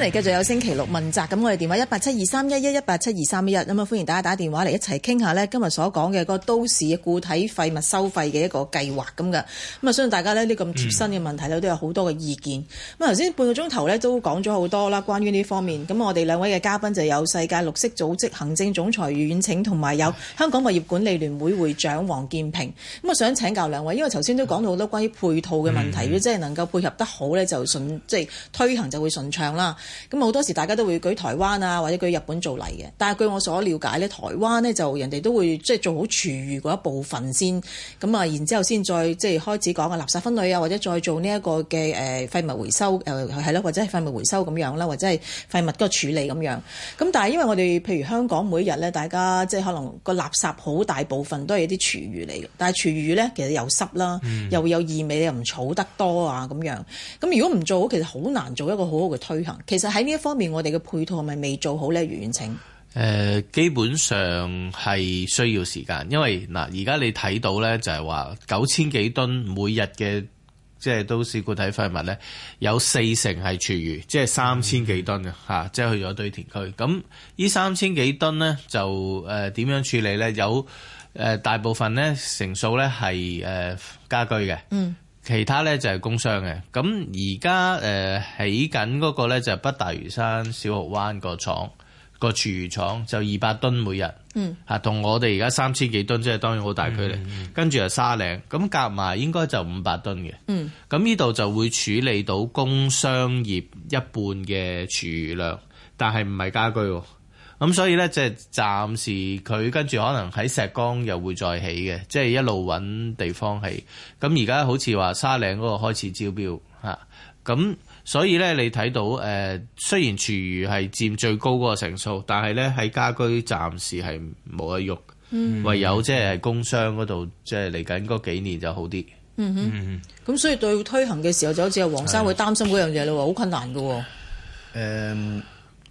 嚟繼續有星期六問責，咁我哋電話一八七二三一一一八七二三一一，咁啊歡迎大家打電話嚟一齊傾下呢今日所講嘅個都市固體廢物收費嘅一個計劃咁噶，咁啊相信大家呢呢咁貼身嘅問題呢、嗯、都有好多嘅意見。咁啊頭先半個鐘頭呢都講咗好多啦，關於呢方面，咁我哋兩位嘅嘉賓就有世界綠色組織行政總裁余遠騁，同埋有，有香港物業管理聯會會長黃健平。咁啊想請教兩位，因為頭先都講到好多關於配套嘅問題，嗯嗯即係能夠配合得好呢，就順即係推行就會順暢啦。咁好多時大家都會舉台灣啊，或者舉日本做例嘅。但係據我所了解咧，台灣咧就人哋都會即係做好廚餘嗰一部分先，咁啊，然之後先再即係開始講啊，垃圾分類啊，或者再做呢一個嘅誒廢物回收誒係咯，或者係廢物回收咁樣啦，或者係廢物嗰個處理咁樣。咁但係因為我哋譬如香港每日咧，大家即係可能個垃圾好大部分都係一啲廚餘嚟嘅。但係廚餘咧其實又濕啦，嗯、又有異味，又唔儲得多啊咁樣。咁如果唔做好，其實好難做一個好好嘅推行。其實喺呢一方面，我哋嘅配套係咪未做好咧？余遠騁，誒，基本上係需要時間，因為嗱，而家你睇到咧，就係話九千幾噸每日嘅，即係都市固體廢物咧，有四成係廚餘，即係三千幾噸嘅，吓，即係去咗堆填區。咁呢三千幾噸咧，就誒點樣處理咧？有誒大部分咧成數咧係誒家居嘅，嗯。其他咧就係、是、工商嘅，咁而家誒起緊嗰個咧就北大嶼山小蠔灣個廠、嗯、個廚餘廠就二百噸每日，嗯，同我哋而家三千幾噸，即係當然好大距離。嗯嗯跟住就沙嶺，咁夾埋應該就五百噸嘅，嗯，咁呢度就會處理到工商業一半嘅廚餘量，但係唔係家居喎。咁、嗯、所以呢，即係暫時佢跟住可能喺石崗又會再起嘅，即、就、係、是、一路揾地方起。咁而家好似話沙嶺嗰個開始招標嚇，咁、啊、所以呢，你睇到誒，雖然廚餘係佔最高嗰個成數，但係呢，喺家居暫時係冇得喐，嗯、唯有即係工商嗰度，即係嚟緊嗰幾年就好啲。嗯咁哼、嗯、哼所以對推行嘅時候就好似黃生會擔心嗰樣嘢咯喎，好的困難㗎喎、哦。嗯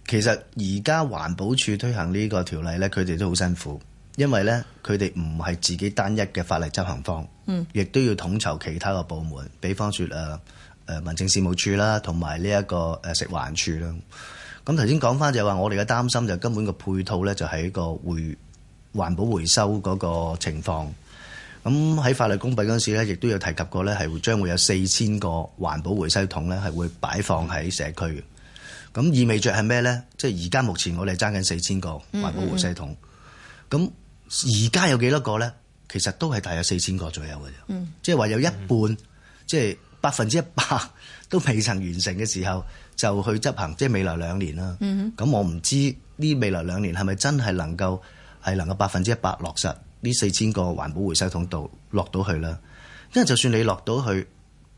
其實而家環保署推行呢個條例呢，佢哋都好辛苦，因為呢，佢哋唔係自己單一嘅法例執行方，嗯，亦都要統籌其他個部門，比方說誒誒、呃、民政事務處啦，同埋呢一個誒、呃、食環署啦。咁頭先講翻就係話我哋嘅擔心就根本個配套呢，就係一個回環保回收嗰個情況。咁喺法律公佈嗰陣時亦都有提及過呢，係將會有四千個環保回收桶呢係會擺放喺社區咁意味着係咩呢？即係而家目前我哋爭緊四千個環保回收桶，咁而家有幾多個呢？其實都係大約四千個左右嘅啫。嗯、即係話有一半，即係百分之一百都未曾完成嘅時候就去執行，即、就、係、是、未來兩年啦。咁、嗯、我唔知呢未來兩年係咪真係能夠係能夠百分之一百落實呢四千個環保回收桶度落到去啦？因為就算你落到去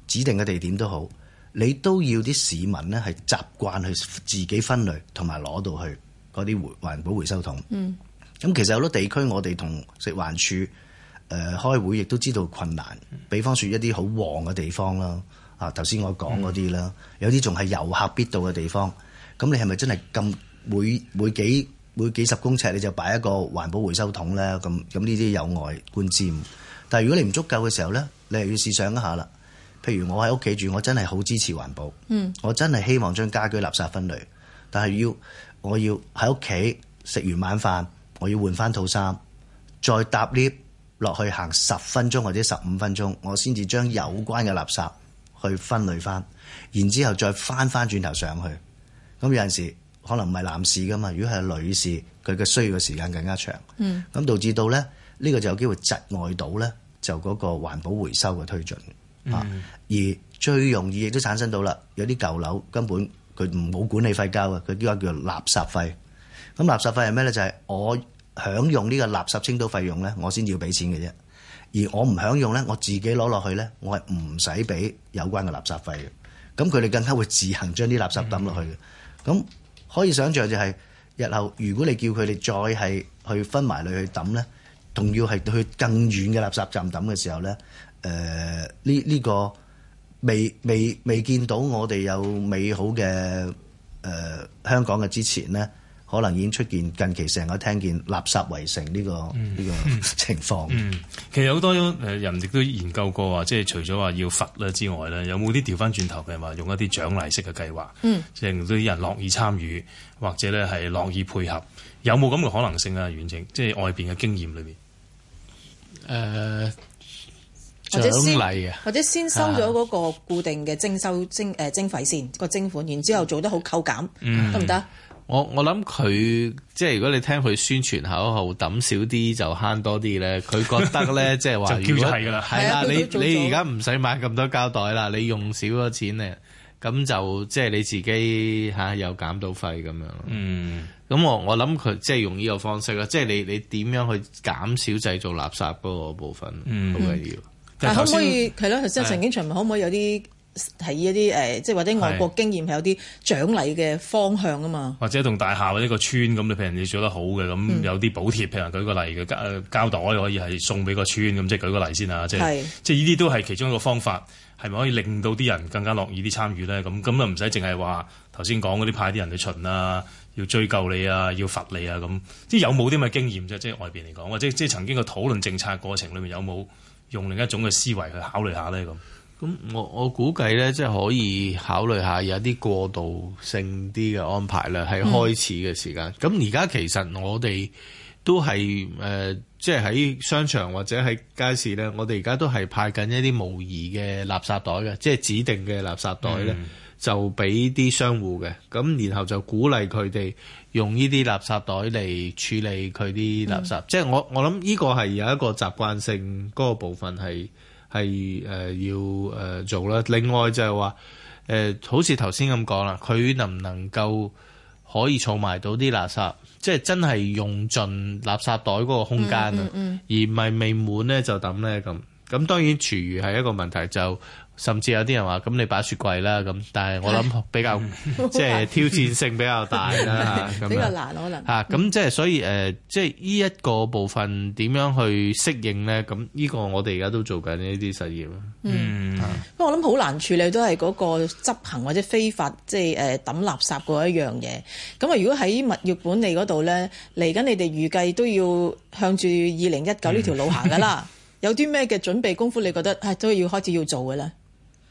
指定嘅地點都好。你都要啲市民咧係習慣去自己分類同埋攞到去嗰啲回環保回收桶。嗯。咁其實好多地區我哋同食環署誒、呃、開會亦都知道困難，嗯、比方說一啲好旺嘅地方啦，啊頭先我講嗰啲啦，有啲仲係遊客必到嘅地方。咁、啊嗯、你係咪真係咁每每幾每幾十公尺你就擺一個環保回收桶咧？咁咁呢啲有礙觀瞻。但係如果你唔足夠嘅時候咧，你係要試想一下啦。譬如我喺屋企住，我真係好支持環保。嗯、我真係希望將家居垃圾分類，但係要我要喺屋企食完晚飯，我要換翻套衫，再搭 lift 落去行十分鐘或者十五分鐘，我先至將有關嘅垃圾去分類翻，然之後再翻翻轉頭上去。咁有陣時可能唔係男士噶嘛，如果係女士佢嘅需要嘅時間更加長，嗯，咁導致到咧呢、這個就有機會窒礙到咧就嗰個環保回收嘅推進。啊！嗯、而最容易亦都產生到啦，有啲舊樓根本佢唔冇管理費交嘅，佢啲話叫做垃圾費。咁垃圾費係咩呢？就係、是、我享用呢個垃圾清倒費用呢，我先要俾錢嘅啫。而我唔享用呢，我自己攞落去呢，我係唔使俾有關嘅垃圾費嘅。咁佢哋更加會自行將啲垃圾抌落去嘅。咁、嗯、可以想像就係、是、日後如果你叫佢哋再係去分埋類去抌呢，仲要係去更遠嘅垃圾站抌嘅時候呢。誒，呢呢、呃這個未未未見到我哋有美好嘅，誒、呃、香港嘅之前呢，可能已經出現，近期成日聽見垃圾圍城呢、這個呢、嗯、個情況嗯。嗯，其實好多人亦都研究過話，即係除咗話要罰之外呢，有冇啲調翻轉頭嘅話，用一啲獎勵式嘅計劃，嗯，令到啲人樂意參與或者呢係樂意配合，有冇咁嘅可能性啊？遠騁，即係外邊嘅經驗裏邊，誒、呃。或者先，啊、或者先收咗嗰個固定嘅徵收徵誒徵費先個徵款，然之後做得好扣減，得唔得？我我諗佢即係如果你聽佢宣傳口號抌少啲就慳多啲咧，佢覺得咧 即係話，係噶啦，係啊！你你而家唔使買咁多膠袋啦，你用少咗錢咧，咁就即係你自己吓、啊、有減到費咁樣。嗯，咁我我諗佢即係用呢個方式啦，即係你你點樣去減少製造垃圾嗰個部分，好緊要。嗯但係可唔可以係咯？頭先曾經巡問，可唔可以有啲提議一啲誒，即係或者外國經驗係有啲獎勵嘅方向啊嘛？或者同大廈或者個村咁，譬如人哋做得好嘅咁，有啲補貼，譬如舉個例嘅膠、嗯、膠袋可以係送俾個村咁，即係舉個例先啊！即係即係呢啲都係其中一個方法，係咪可以令到啲人更加樂意啲參與咧？咁咁啊，唔使淨係話頭先講嗰啲派啲人去巡啊，要追究你啊，要罰你啊咁。即係有冇啲咁嘅經驗啫？即係外邊嚟講，或者即係曾經個討論政策過程裡面有冇？用另一種嘅思維去考慮下呢。咁，咁我我估計呢，即係可以考慮下有啲過渡性啲嘅安排啦，係開始嘅時間。咁而家其實我哋都係誒，即係喺商場或者喺街市呢，我哋而家都係派緊一啲模擬嘅垃圾袋嘅，即係指定嘅垃圾袋呢。嗯嗯就俾啲商戶嘅，咁然後就鼓勵佢哋用呢啲垃圾袋嚟處理佢啲垃圾。即係、嗯、我我諗呢個係有一個習慣性嗰個部分係係、呃、要做啦。另外就係話、呃、好似頭先咁講啦，佢能唔能夠可以儲埋到啲垃圾？即、就、係、係、真係用盡垃圾袋嗰個空間啊，嗯嗯嗯而唔係未滿呢就抌呢。咁。咁當然廚餘係一個問題就。甚至有啲人話：咁你擺雪櫃啦咁，但係我諗比較即係挑戰性比較大啦。比較難可能嚇咁即係所以誒，即係呢一個部分點樣去適應咧？咁呢個我哋而家都做緊呢啲實驗。嗯，不過我諗好難處理都係嗰個執行或者非法，即係誒抌垃圾嗰一樣嘢。咁啊，如果喺物業管理嗰度咧，嚟緊你哋預計都要向住二零一九呢條路行㗎喇。有啲咩嘅準備功夫，你覺得係都要開始要做嘅啦？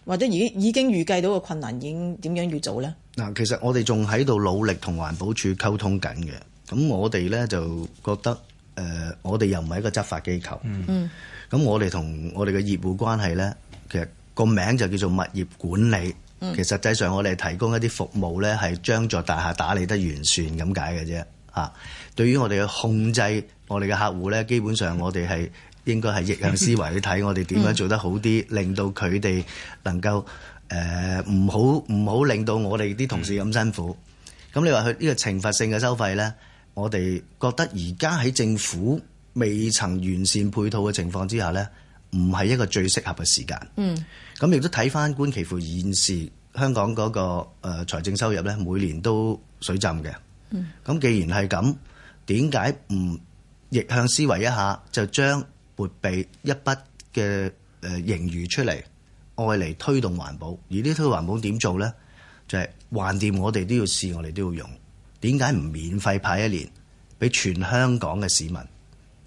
或者已經已經預計到個困難，已經點樣要做呢？嗱，其實我哋仲喺度努力同環保署溝通緊嘅。咁我哋呢，就覺得，誒、呃，我哋又唔係一個執法機構。嗯。咁我哋同我哋嘅業務關係呢，其實個名就叫做物業管理。嗯、其實實際上我哋提供一啲服務呢，係將座大廈打理得完善咁解嘅啫。啊，對於我哋嘅控制，我哋嘅客戶呢，基本上我哋係。應該係逆向思維去睇，我哋點樣做得好啲， 嗯、令到佢哋能夠誒唔好唔好，唔好令到我哋啲同事咁辛苦。咁、嗯、你話佢呢個懲罰性嘅收費呢？我哋覺得而家喺政府未曾完善配套嘅情況之下呢，唔係一個最適合嘅時間。嗯，咁亦都睇翻觀其乎現時香港嗰個財財政收入呢，每年都水浸嘅。咁、嗯、既然係咁，點解唔逆向思維一下就將？撥備一筆嘅誒盈餘出嚟，愛嚟推動環保。而呢套環保點做呢？就係橫掂我哋都要試，我哋都要用。點解唔免費派一年俾全香港嘅市民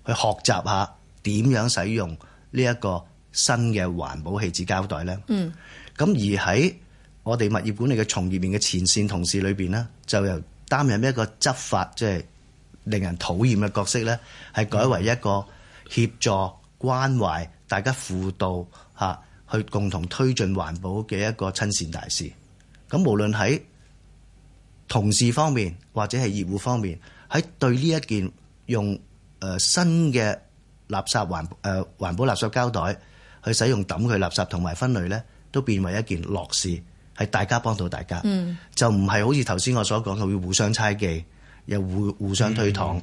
去學習下點樣使用呢一個新嘅環保氣質膠袋呢？嗯。咁而喺我哋物業管理嘅從業員嘅前線同事裏邊呢，就由擔任一個執法即係、就是、令人討厭嘅角色呢，係改為一個，協助關懷大家輔導嚇、啊，去共同推進環保嘅一個親善大事。咁無論喺同事方面或者係業戶方面，喺對呢一件用誒、呃、新嘅垃圾環誒、呃、環保垃圾膠袋去使用抌佢垃圾同埋分類呢，都變為一件樂事，係大家幫到大家，嗯、就唔係好似頭先我所講，嘅會互相猜忌，又互互相推搪。嗯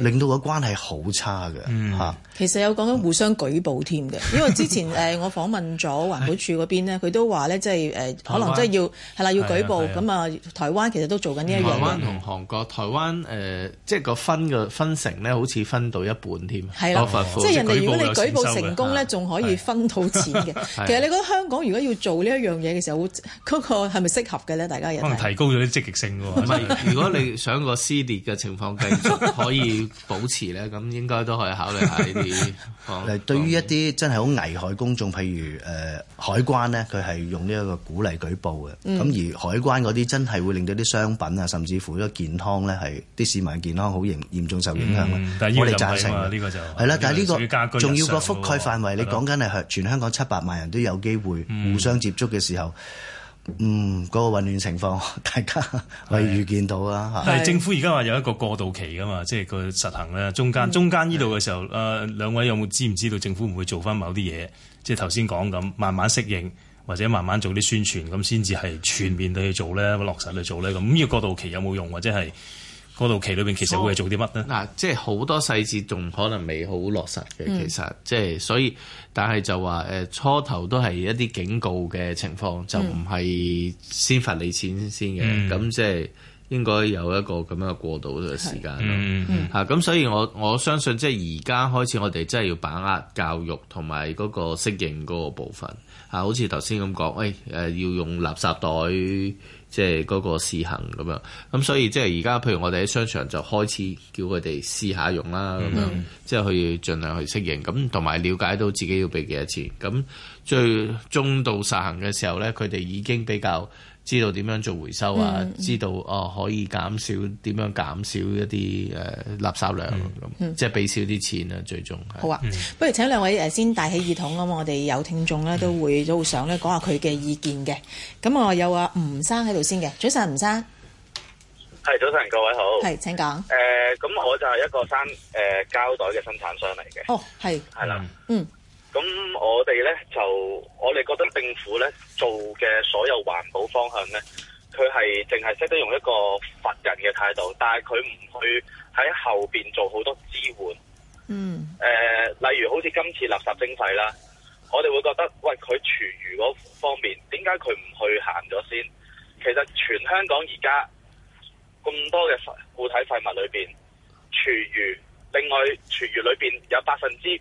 令到嘅關係好差嘅嚇，其實有講緊互相舉報添嘅，因為之前誒我訪問咗環保署嗰邊咧，佢都話咧，即係誒可能即係要係啦，要舉報咁啊。台灣其實都做緊呢一樣。台灣同韓國，台灣誒即係個分嘅分成咧，好似分到一半添。係啦，即係人哋如果你舉報成功咧，仲可以分到錢嘅。其實你覺得香港如果要做呢一樣嘢嘅時候，會嗰個係咪適合嘅咧？大家可能提高咗啲積極性喎。唔係，如果你想個撕裂嘅情況繼續可以。要保持咧，咁應該都可以考慮下呢啲。誒， 對於一啲真係好危害公眾，譬如誒、呃、海關咧，佢係用呢一個鼓勵舉報嘅。咁、嗯、而海關嗰啲真係會令到啲商品啊，甚至乎個健康咧，係啲市民健康好嚴嚴重受影響。嗯、我哋贊成呢個就係啦，了但係呢、這個仲要，重要個覆蓋範圍，了你講緊係全香港七百萬人都有機會互相接觸嘅時候。嗯嗯，嗰、那個混亂情況，大家可以預見到啦。係的的政府而家話有一個過渡期噶嘛，即係個實行咧中間，的中間呢度嘅時候，誒的、呃、兩位有冇知唔知道政府唔會做翻某啲嘢？即係頭先講咁，慢慢適應，或者慢慢做啲宣傳，咁先至係全面咁去做咧，落實去做咧。咁呢個過渡期有冇用，或者係？過渡期裏邊其實會係做啲乜呢？嗱、嗯，即係好多細節仲可能未好落實嘅，嗯、其實即係所以，但係就話誒初頭都係一啲警告嘅情況，嗯、就唔係先罰你錢先嘅。咁即係應該有一個咁樣嘅過渡嘅時間啦。嚇咁，嗯啊、所以我我相信即係而家開始，我哋真係要把握教育同埋嗰個適應嗰個部分。嚇、啊，好似頭先咁講，誒、哎、誒要用垃圾袋。即係嗰個試行咁樣，咁所以即係而家，譬如我哋喺商場就開始叫佢哋試下用啦，咁樣即係可以盡量去適應，咁同埋了解到自己要俾幾多錢。咁最終到實行嘅時候呢，佢哋已經比較知道點樣做回收啊？嗯、知道哦，可以減少點樣減少一啲誒垃圾量咁，嗯、即係俾少啲錢啊！最終係好啊，嗯、不如請兩位先帶起耳筒啊，我哋有聽眾咧都會都想咧講下佢嘅意見嘅。咁、嗯、我有啊，吳生喺度先嘅，早晨吳生，係早晨各位好，係請講。誒咁、呃、我就係一個生誒膠袋嘅生產商嚟嘅。哦，係，係啦的，嗯。咁我哋呢，就，我哋覺得政府呢做嘅所有環保方向呢，佢係淨係識得用一個罰人嘅態度，但係佢唔去喺後邊做好多支援。嗯，誒、呃，例如好似今次垃圾徵費啦，我哋會覺得，喂，佢廚餘嗰方面，點解佢唔去行咗先？其實全香港而家咁多嘅固體廢物裏邊，廚餘，另外廚餘裏邊有百分之。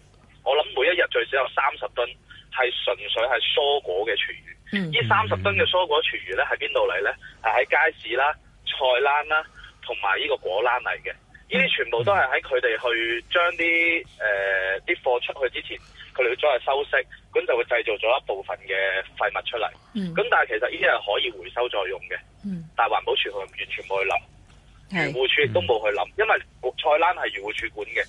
我諗每一日最少有三十噸係純粹係蔬果嘅廚餘，呢三十噸嘅蔬果廚餘咧喺邊度嚟咧？係喺、嗯、街市啦、菜欄啦，同埋呢個果欄嚟嘅。呢啲全部都係喺佢哋去將啲誒啲貨出去之前，佢哋去再收息，咁就會製造咗一部分嘅廢物出嚟。咁、嗯、但係其實呢啲係可以回收再用嘅，嗯、但係環保署佢完全冇去諗，漁護是署亦都冇去諗，嗯、因為菜欄係漁護署管嘅，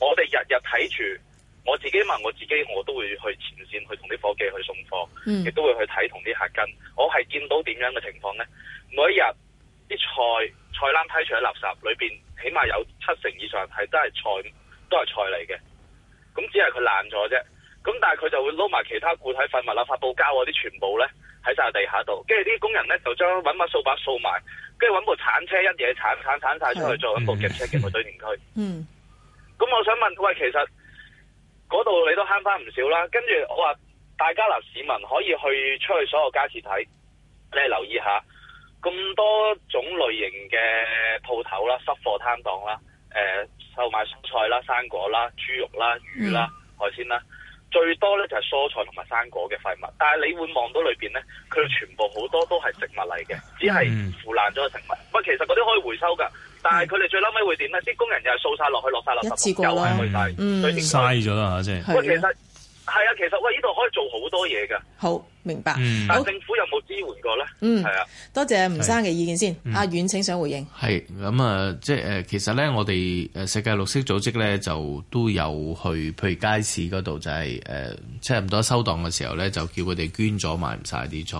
我哋日日睇住。我自己問我自己，我都會去前線去同啲伙計去送貨，亦、嗯、都會去睇同啲客巾。我係見到點樣嘅情況呢？每一日啲菜菜籃批出喺垃圾裏面，起碼有七成以上係都係菜，都係菜嚟嘅。咁只係佢爛咗啫。咁但係佢就會撈埋其他固體廢物啦、發、啊、泡膠嗰啲、啊，全部呢喺晒地下度。跟住啲工人呢，就將揾把掃把掃埋，跟住揾部鏟車一嘢，鏟鏟鏟晒出去，再揾部夾車嘅堆填區。嗯。咁我想問，喂，其實。嗰度你都慳翻唔少啦，跟住我話，大家嗱，市民可以去出去所有街市睇，你留意下，咁多種類型嘅鋪頭啦、濕貨攤檔啦、誒、呃、售賣蔬菜啦、生果啦、豬肉啦、魚啦、mm. 海鮮啦，最多呢就係蔬菜同埋生果嘅廢物，但係你會望到裏面呢，佢全部好多都係食物嚟嘅，只係腐爛咗嘅食物。不過、mm. 其實嗰啲可以回收㗎。但係佢哋最嬲尾會點咧？啲工人又係掃曬落去，落曬垃圾，又係去曬，最點嘥咗啊！即係其實係啊，其實喂，呢度可以做好多嘢㗎。好明白，但政府有冇支援過咧？嗯，係啊，多謝吳生嘅意見先。阿遠請想回應。係咁啊，即係其實咧，我哋世界綠色組織咧，就都有去，譬如街市嗰度就係即差唔多收檔嘅時候咧，就叫佢哋捐咗賣唔曬啲菜。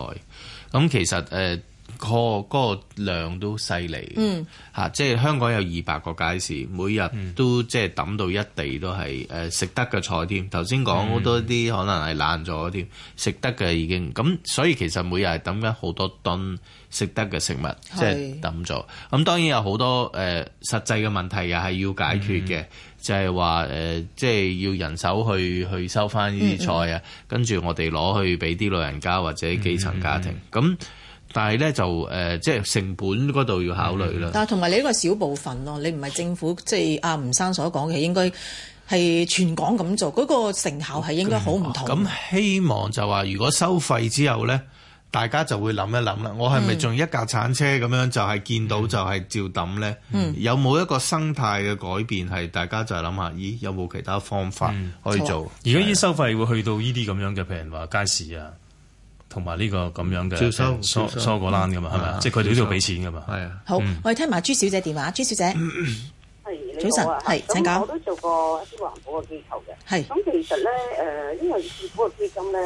咁其實誒。個嗰量都犀利，嚇、嗯！即係、啊就是、香港有二百個街市，每日都即係抌到一地都係食得嘅菜添。頭先講好多啲可能係爛咗添，食得嘅、嗯、已經咁，所以其實每日係抌咗好多噸食得嘅食物，即係抌咗。咁當然有好多誒、呃、實際嘅問題，又係要解決嘅、嗯呃，就係話即係要人手去去收翻呢啲菜啊，嗯、跟住我哋攞去俾啲老人家或者基層家庭咁。嗯嗯。但係咧就誒，即係成本嗰度要考慮啦、嗯。但同埋你呢個小部分咯，你唔係政府，即係阿吳生所講嘅，應該係全港咁做，嗰、那個成效係應該好唔同、嗯。咁、嗯嗯、希望就話，如果收費之後咧，大家就會諗一諗啦，我係咪仲一架鏟車咁樣就係見到就係、是、照抌咧？嗯嗯、有冇一個生態嘅改變係大家就係諗下，咦有冇其他方法可以做？嗯、是如果呢啲收費會去到呢啲咁樣嘅譬如話街市啊。同埋呢個咁樣嘅收蔬果欄噶嘛，係咪啊？即係佢哋都要俾錢噶嘛。係啊。好，我哋聽埋朱小姐電話。朱小姐，早晨。係。請講。我都做過一啲環保嘅機構嘅。係。咁其實咧，誒，因為政府嘅資金咧，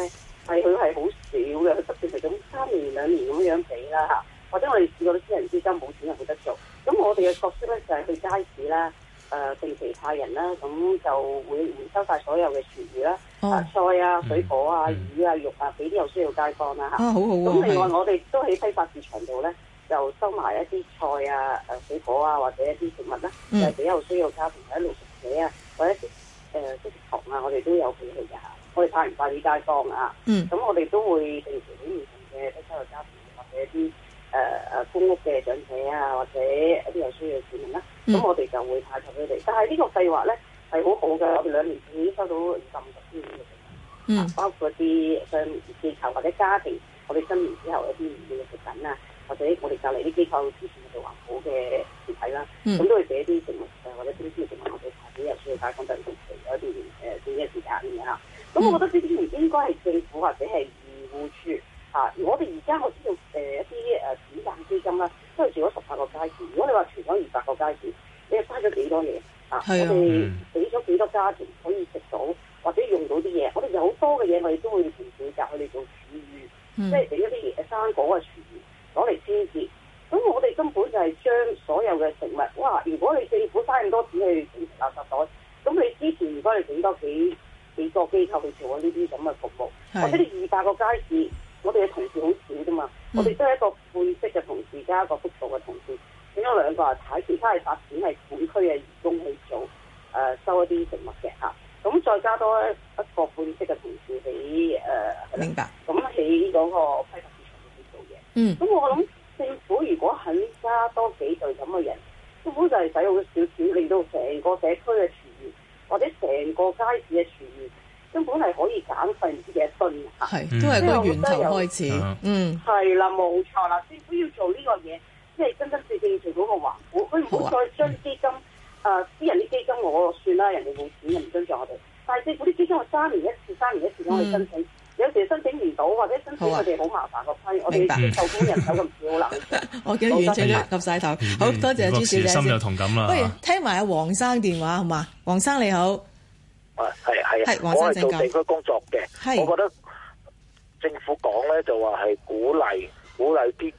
係佢係好少嘅，佢特別係咁三年兩年咁樣俾啦，或者我哋試過啲私人資金冇錢又冇得做。咁我哋嘅角色咧就係去街市啦。誒、呃、定期派人啦，咁、嗯、就會回收晒所有嘅廚餘啦，oh. 啊菜啊、水果啊、mm hmm. 魚啊、肉啊，俾啲有需要街坊啦嚇。Oh, 好好咁、啊嗯、另外的我哋都喺批發市場度咧，就收埋一啲菜啊、誒水果啊或者一啲食物啦、啊，就俾有需要家庭一、啊、或者露宿者啊或者即食堂啊，我哋都有俾佢嘅嚇。我哋派唔派俾街坊啊？Mm. 嗯，咁我哋都會定期喺唔同嘅一啲需要家庭或者一啲。誒誒、呃，公屋嘅長者啊，或者一啲有需要嘅市民啦，咁、嗯、我哋就會派發俾佢哋。但係呢個計劃咧係好好嘅，嗯、我哋兩年前已經收到咁多需要嘅食物包括啲商業機構或者家庭，我哋新年之後一啲唔要嘅食品啊，或者我哋隔離啲機構之前嘅做環保嘅團體啦、啊，咁、嗯、都會俾啲食物，或者啲需要食物我哋派俾有需要嘅街坊，等佢哋有啲誒短嘅時間咁、啊、啦。咁我覺得呢啲唔應該係政府或者係義務處。啊！我哋而家我知道誒、呃、一啲誒慈善基金啦、啊，即係住咗十八個街市。如果你話存咗二百個街市，你又嘥咗幾多年啊？啊我哋俾咗幾多家庭可以食到或者用到啲嘢？我哋有好多嘅嘢，我哋都會同負責佢哋做廚餘，嗯、即係俾一啲生果嘅廚餘攞嚟鮮節。咁我哋根本就係將所有嘅食物哇！如果你政府嘥咁多錢去整垃圾袋，咁你，你之前如果你俾幾多幾幾個機構去做呢啲咁嘅服務？是或者你二百個街市？我哋嘅同事好少啫嘛，我哋都係一個半職嘅同事，加一個輔導嘅同事，只咗兩個啊睇住，佢係發展係本區嘅義工去做，誒，收一啲食物嘅吓，咁再加多一個半職嘅同事喺誒，明白，咁喺嗰個批發市場去做嘢，嗯，咁、嗯、我諗政府如果肯加多幾對咁嘅人，根本就係使用少少，令到成個社區嘅廚餘或者成個街市嘅廚餘。根本係可以揀份嘢信嚇，係都係個源頭開始。嗯，係啦，冇的、嗯、錯啦。政府要做呢個嘢，即係真真正正做好個環保。佢唔好再將基金，誒、啊啊、私人啲基金，我算啦，人哋冇錢唔尊重我哋。但係政府啲基金，我三年一次，三年一次，我哋申請，嗯、有時申請唔到，或者申請我哋好麻煩個規。啊、我哋受工人手咁少啦。明白 我見完全都岌晒頭，好、嗯、多謝朱小姐先。不如聽埋阿黃生電話，好嘛？黃生你好。啊，係係，我係做地區工作嘅，是我覺得政府講咧就話係鼓勵鼓勵啲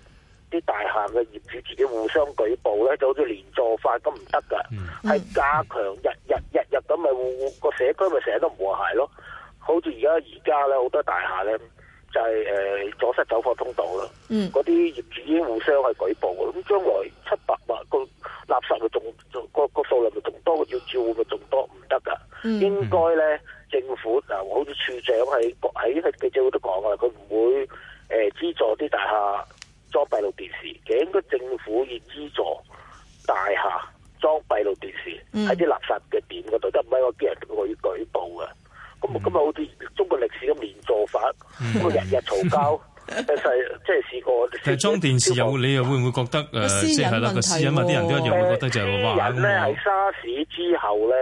啲大廈嘅業主自己互相舉報咧，就好似連坐法咁唔得噶，係、嗯、加強日日日日咁咪個社區咪成日都唔和諧咯。好似而家而家咧好多大廈咧就係、是、誒、呃、阻塞走火通道咯，嗰啲、嗯、業主已經互相去舉報，咁將來七百萬公。垃圾咪仲仲個個數量咪仲多，要照顧咪仲多，唔得噶。嗯、應該咧，政府嗱，好似處長係喺佢記者會度講啊，佢唔會誒資、呃、助啲大廈裝閉路電視。佢應該政府要資助大廈裝閉路電視，喺啲、嗯、垃圾嘅點嗰度，就唔係我啲人會舉報噶。咁咁啊，好似中國歷史咁連坐法，咁日日嘈交。就 即係試過，但係裝電視又你又會唔會覺得誒，即係啦個私隱問題喎？啲人都一樣會覺得就係私隱咧，係沙士之後咧，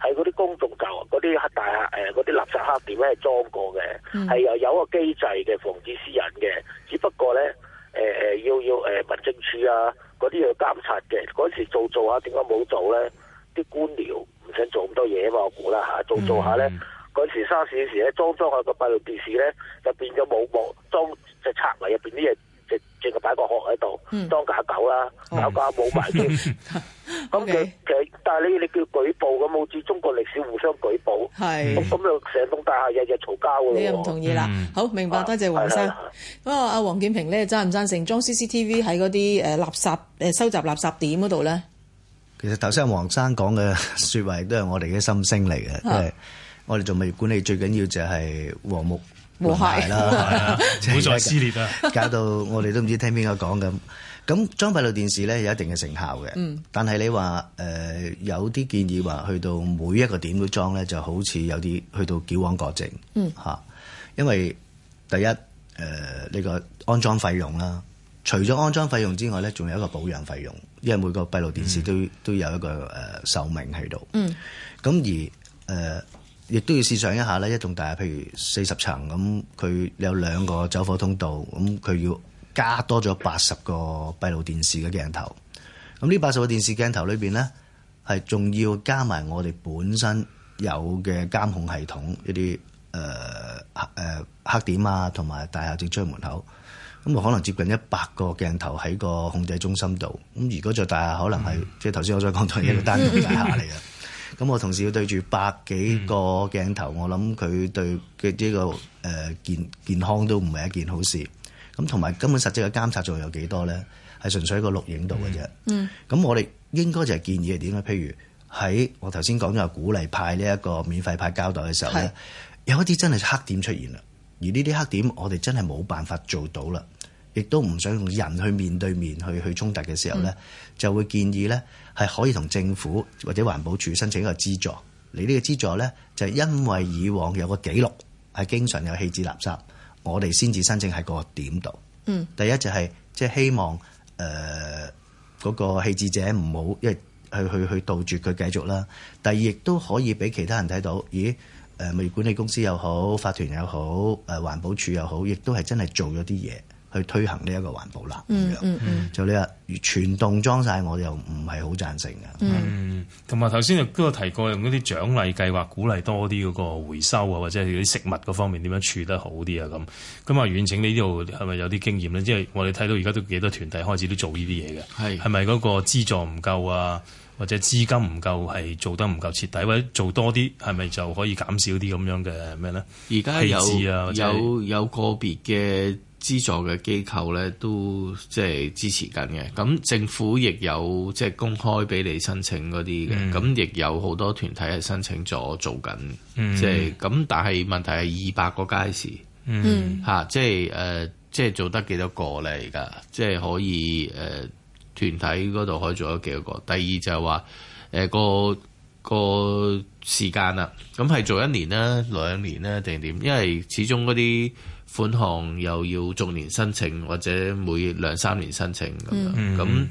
喺嗰啲公眾樓、嗰啲黑大廈、誒嗰啲垃圾黑點咧，裝過嘅，係又、嗯、有個機制嘅防止私隱嘅，只不過咧誒誒要要誒民政處啊嗰啲要監察嘅，嗰時做做下，點解冇做咧？啲官僚唔想做咁多嘢，我估啦嚇，做做下咧。嗯嗰時沙士時咧，裝裝喺個閉路電視咧，就變咗冇裝就拆埋入邊啲嘢，淨淨係擺個殼喺度裝假狗啦，搞搞，冇埋添。咁其實，但係你你叫舉報咁，好似中國歷史互相舉報，係咁又成棟大廈日日嘈交噶。你又唔同意啦？好明白，多謝黃生。咁個阿黃健平咧，贊唔贊成裝 C C T V 喺嗰啲誒垃圾誒收集垃圾點嗰度咧？其實頭先黃生講嘅說話，都係我哋嘅心聲嚟嘅，係。我哋做物業管理最緊要就係和睦和諧啦，唔好再撕裂啦，搞到我哋都唔知聽邊個講咁。咁裝閉路電視咧，有一定嘅成效嘅，嗯、但係你話誒、呃、有啲建議話去到每一個點都裝咧，就好似有啲去到矯枉過正嚇、嗯啊。因為第一誒呢個安裝費用啦，除咗安裝費用之外咧，仲有一個保養費用，因為每個閉路電視都、嗯、都有一個誒壽命喺度。咁、嗯、而誒。呃亦都要試想一下咧，一棟大廈，譬如四十層咁，佢有兩個走火通道，咁佢要加多咗八十個閉路電視嘅鏡頭。咁呢八十個電視鏡頭裏面呢，係仲要加埋我哋本身有嘅監控系統一啲誒、呃呃、黑點啊，同埋大廈正出門口。咁可能接近一百個鏡頭喺個控制中心度。咁如果就大廈，可能係、嗯、即係頭先我想講到一個單獨大廈嚟嘅。 咁我同時要對住百幾個鏡頭，嗯、我諗佢對嘅、這、呢個誒、呃、健健康都唔係一件好事。咁同埋根本實際嘅監察作用有幾多咧？係純粹一個錄影度嘅啫。咁、嗯、我哋應該就係建議係點咧？譬如喺我頭先講咗鼓勵派呢一個免費派膠袋嘅時候咧，是有一啲真係黑點出現啦。而呢啲黑點，我哋真係冇辦法做到啦，亦都唔想用人去面對面去去衝突嘅時候咧，嗯、就會建議咧。係可以同政府或者環保署申請一個資助，你呢個資助呢，就係、因為以往有個記錄係經常有棄置垃圾，我哋先至申請喺個點度。嗯，第一就係即係希望誒嗰、呃嗰個棄置者唔好，因為去去去杜絕佢繼續啦。第二亦都可以俾其他人睇到，咦？誒、呃、物業管理公司又好，法團又好，誒、呃、環保署又好，亦都係真係做咗啲嘢。去推行呢一個環保啦，嗯嗯嗯、就呢個全動裝晒，我又唔係好贊成嘅。嗯，同埋頭先都有提過，用嗰啲獎勵計劃鼓勵多啲嗰個回收啊，或者係啲食物嗰方面點樣處理得好啲啊咁。咁啊，遠騁呢度係咪有啲經驗呢？即係我哋睇到而家都幾多團體開始都做呢啲嘢嘅，係咪嗰個資助唔夠啊，或者資金唔夠係做得唔夠徹底，或者做多啲係咪就可以減少啲咁樣嘅咩呢？而家有、啊、有有個別嘅。資助嘅機構呢都即係、就是、支持緊嘅，咁政府亦有即係、就是、公開俾你申請嗰啲嘅，咁亦、嗯、有好多團體係申請咗做緊，即係咁。但係問題係二百個街市，嚇、嗯，即係誒，即、就、係、是呃就是、做得幾多少個咧？而家即係可以誒、呃、團體嗰度可以做得幾多少個？第二就係話誒個、那個時間啦，咁係做一年咧、兩年咧定係點？因為始終嗰啲。款項又要逐年申請或者每兩三年申請咁樣，咁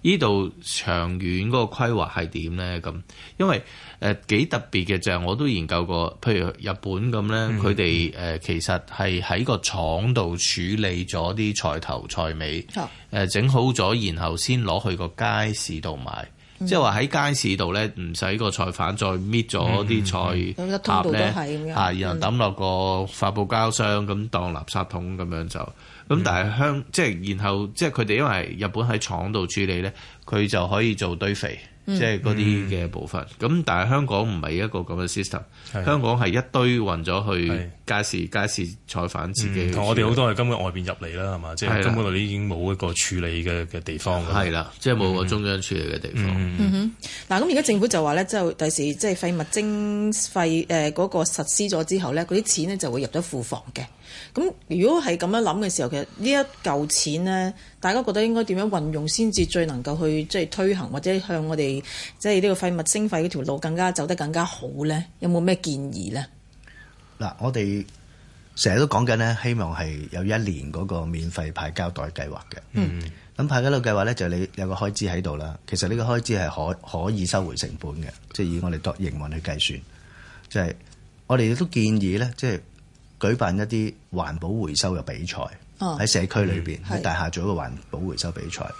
呢度長遠嗰個規劃係點呢？咁因為誒幾、呃、特別嘅就係、是、我都研究過，譬如日本咁呢，佢哋誒其實係喺個廠度處理咗啲菜頭菜尾，誒整、哦呃、好咗，然後先攞去個街市度賣。即係話喺街市度咧，唔使個菜販再搣咗啲菜鴨咧啊，然後抌落個發泡膠箱咁當垃圾桶咁樣就咁。但係香、嗯、即係然後即係佢哋因為日本喺廠度處理咧，佢就可以做堆肥。嗯、即係嗰啲嘅部分咁，嗯、但係香港唔係一個咁嘅 system。的香港係一堆運咗去街市、街市採訪自己。嗯、我哋好多係根本外邊入嚟啦，係嘛？即係根本嗰啲已經冇一個處理嘅嘅地方。係啦的、嗯，即係冇個中央處理嘅地方。嗱、嗯，咁而家政府就話咧，即係第時即係廢物徵費誒嗰個實施咗之後咧，嗰啲錢咧就會入咗庫房嘅。咁如果係咁樣諗嘅時候，其實呢一嚿錢呢，大家覺得應該點樣運用先至最能夠去即係推行或者向我哋即係呢個廢物徵費嗰條路更加走得更加好呢？有冇咩建議呢？嗱，我哋成日都講緊呢，希望係有一年嗰個免費派膠袋計劃嘅。嗯，咁派膠袋計劃呢，就係你有個開支喺度啦。其實呢個開支係可可以收回成本嘅，即係以我哋當營運去計算。就係我哋都建議呢，即係。舉辦一啲環保回收嘅比賽，喺、哦、社區裏面，喺、嗯、大廈做一個環保回收比賽，是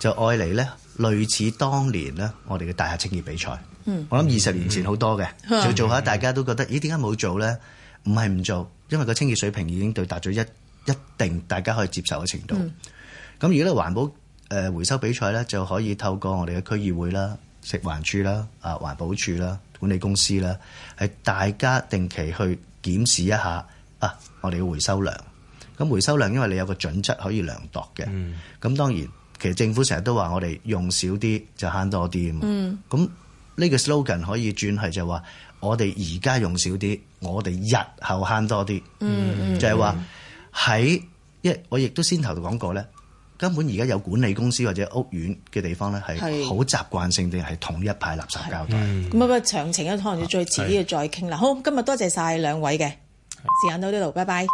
就愛嚟呢，類似當年呢，我哋嘅大廈清潔比賽。嗯、我諗二十年前好多嘅，嗯嗯、就做下大家都覺得，咦？點解冇做呢？唔係唔做，因為個清潔水平已經到達咗一一定大家可以接受嘅程度。如果、嗯、呢環保回收比賽呢，就可以透過我哋嘅區議會啦、食環署啦、啊環保署啦、管理公司啦，係大家定期去，檢視一下啊，我哋嘅回收量，咁回收量因為你有個準則可以量度嘅，咁、嗯、當然其實政府成日都話我哋用少啲就慳多啲，咁呢、嗯、個 slogan 可以轉係就係話我哋而家用少啲，我哋日後慳多啲，嗯、就係話喺一我亦都先頭講過咧。根本而家有管理公司或者屋苑嘅地方咧，係好習慣性定係統一派垃圾膠袋。咁啊，嗯、個詳情啊，可能要再遲啲要再傾啦。是好，今日多謝晒兩位嘅是時間到呢度，拜拜。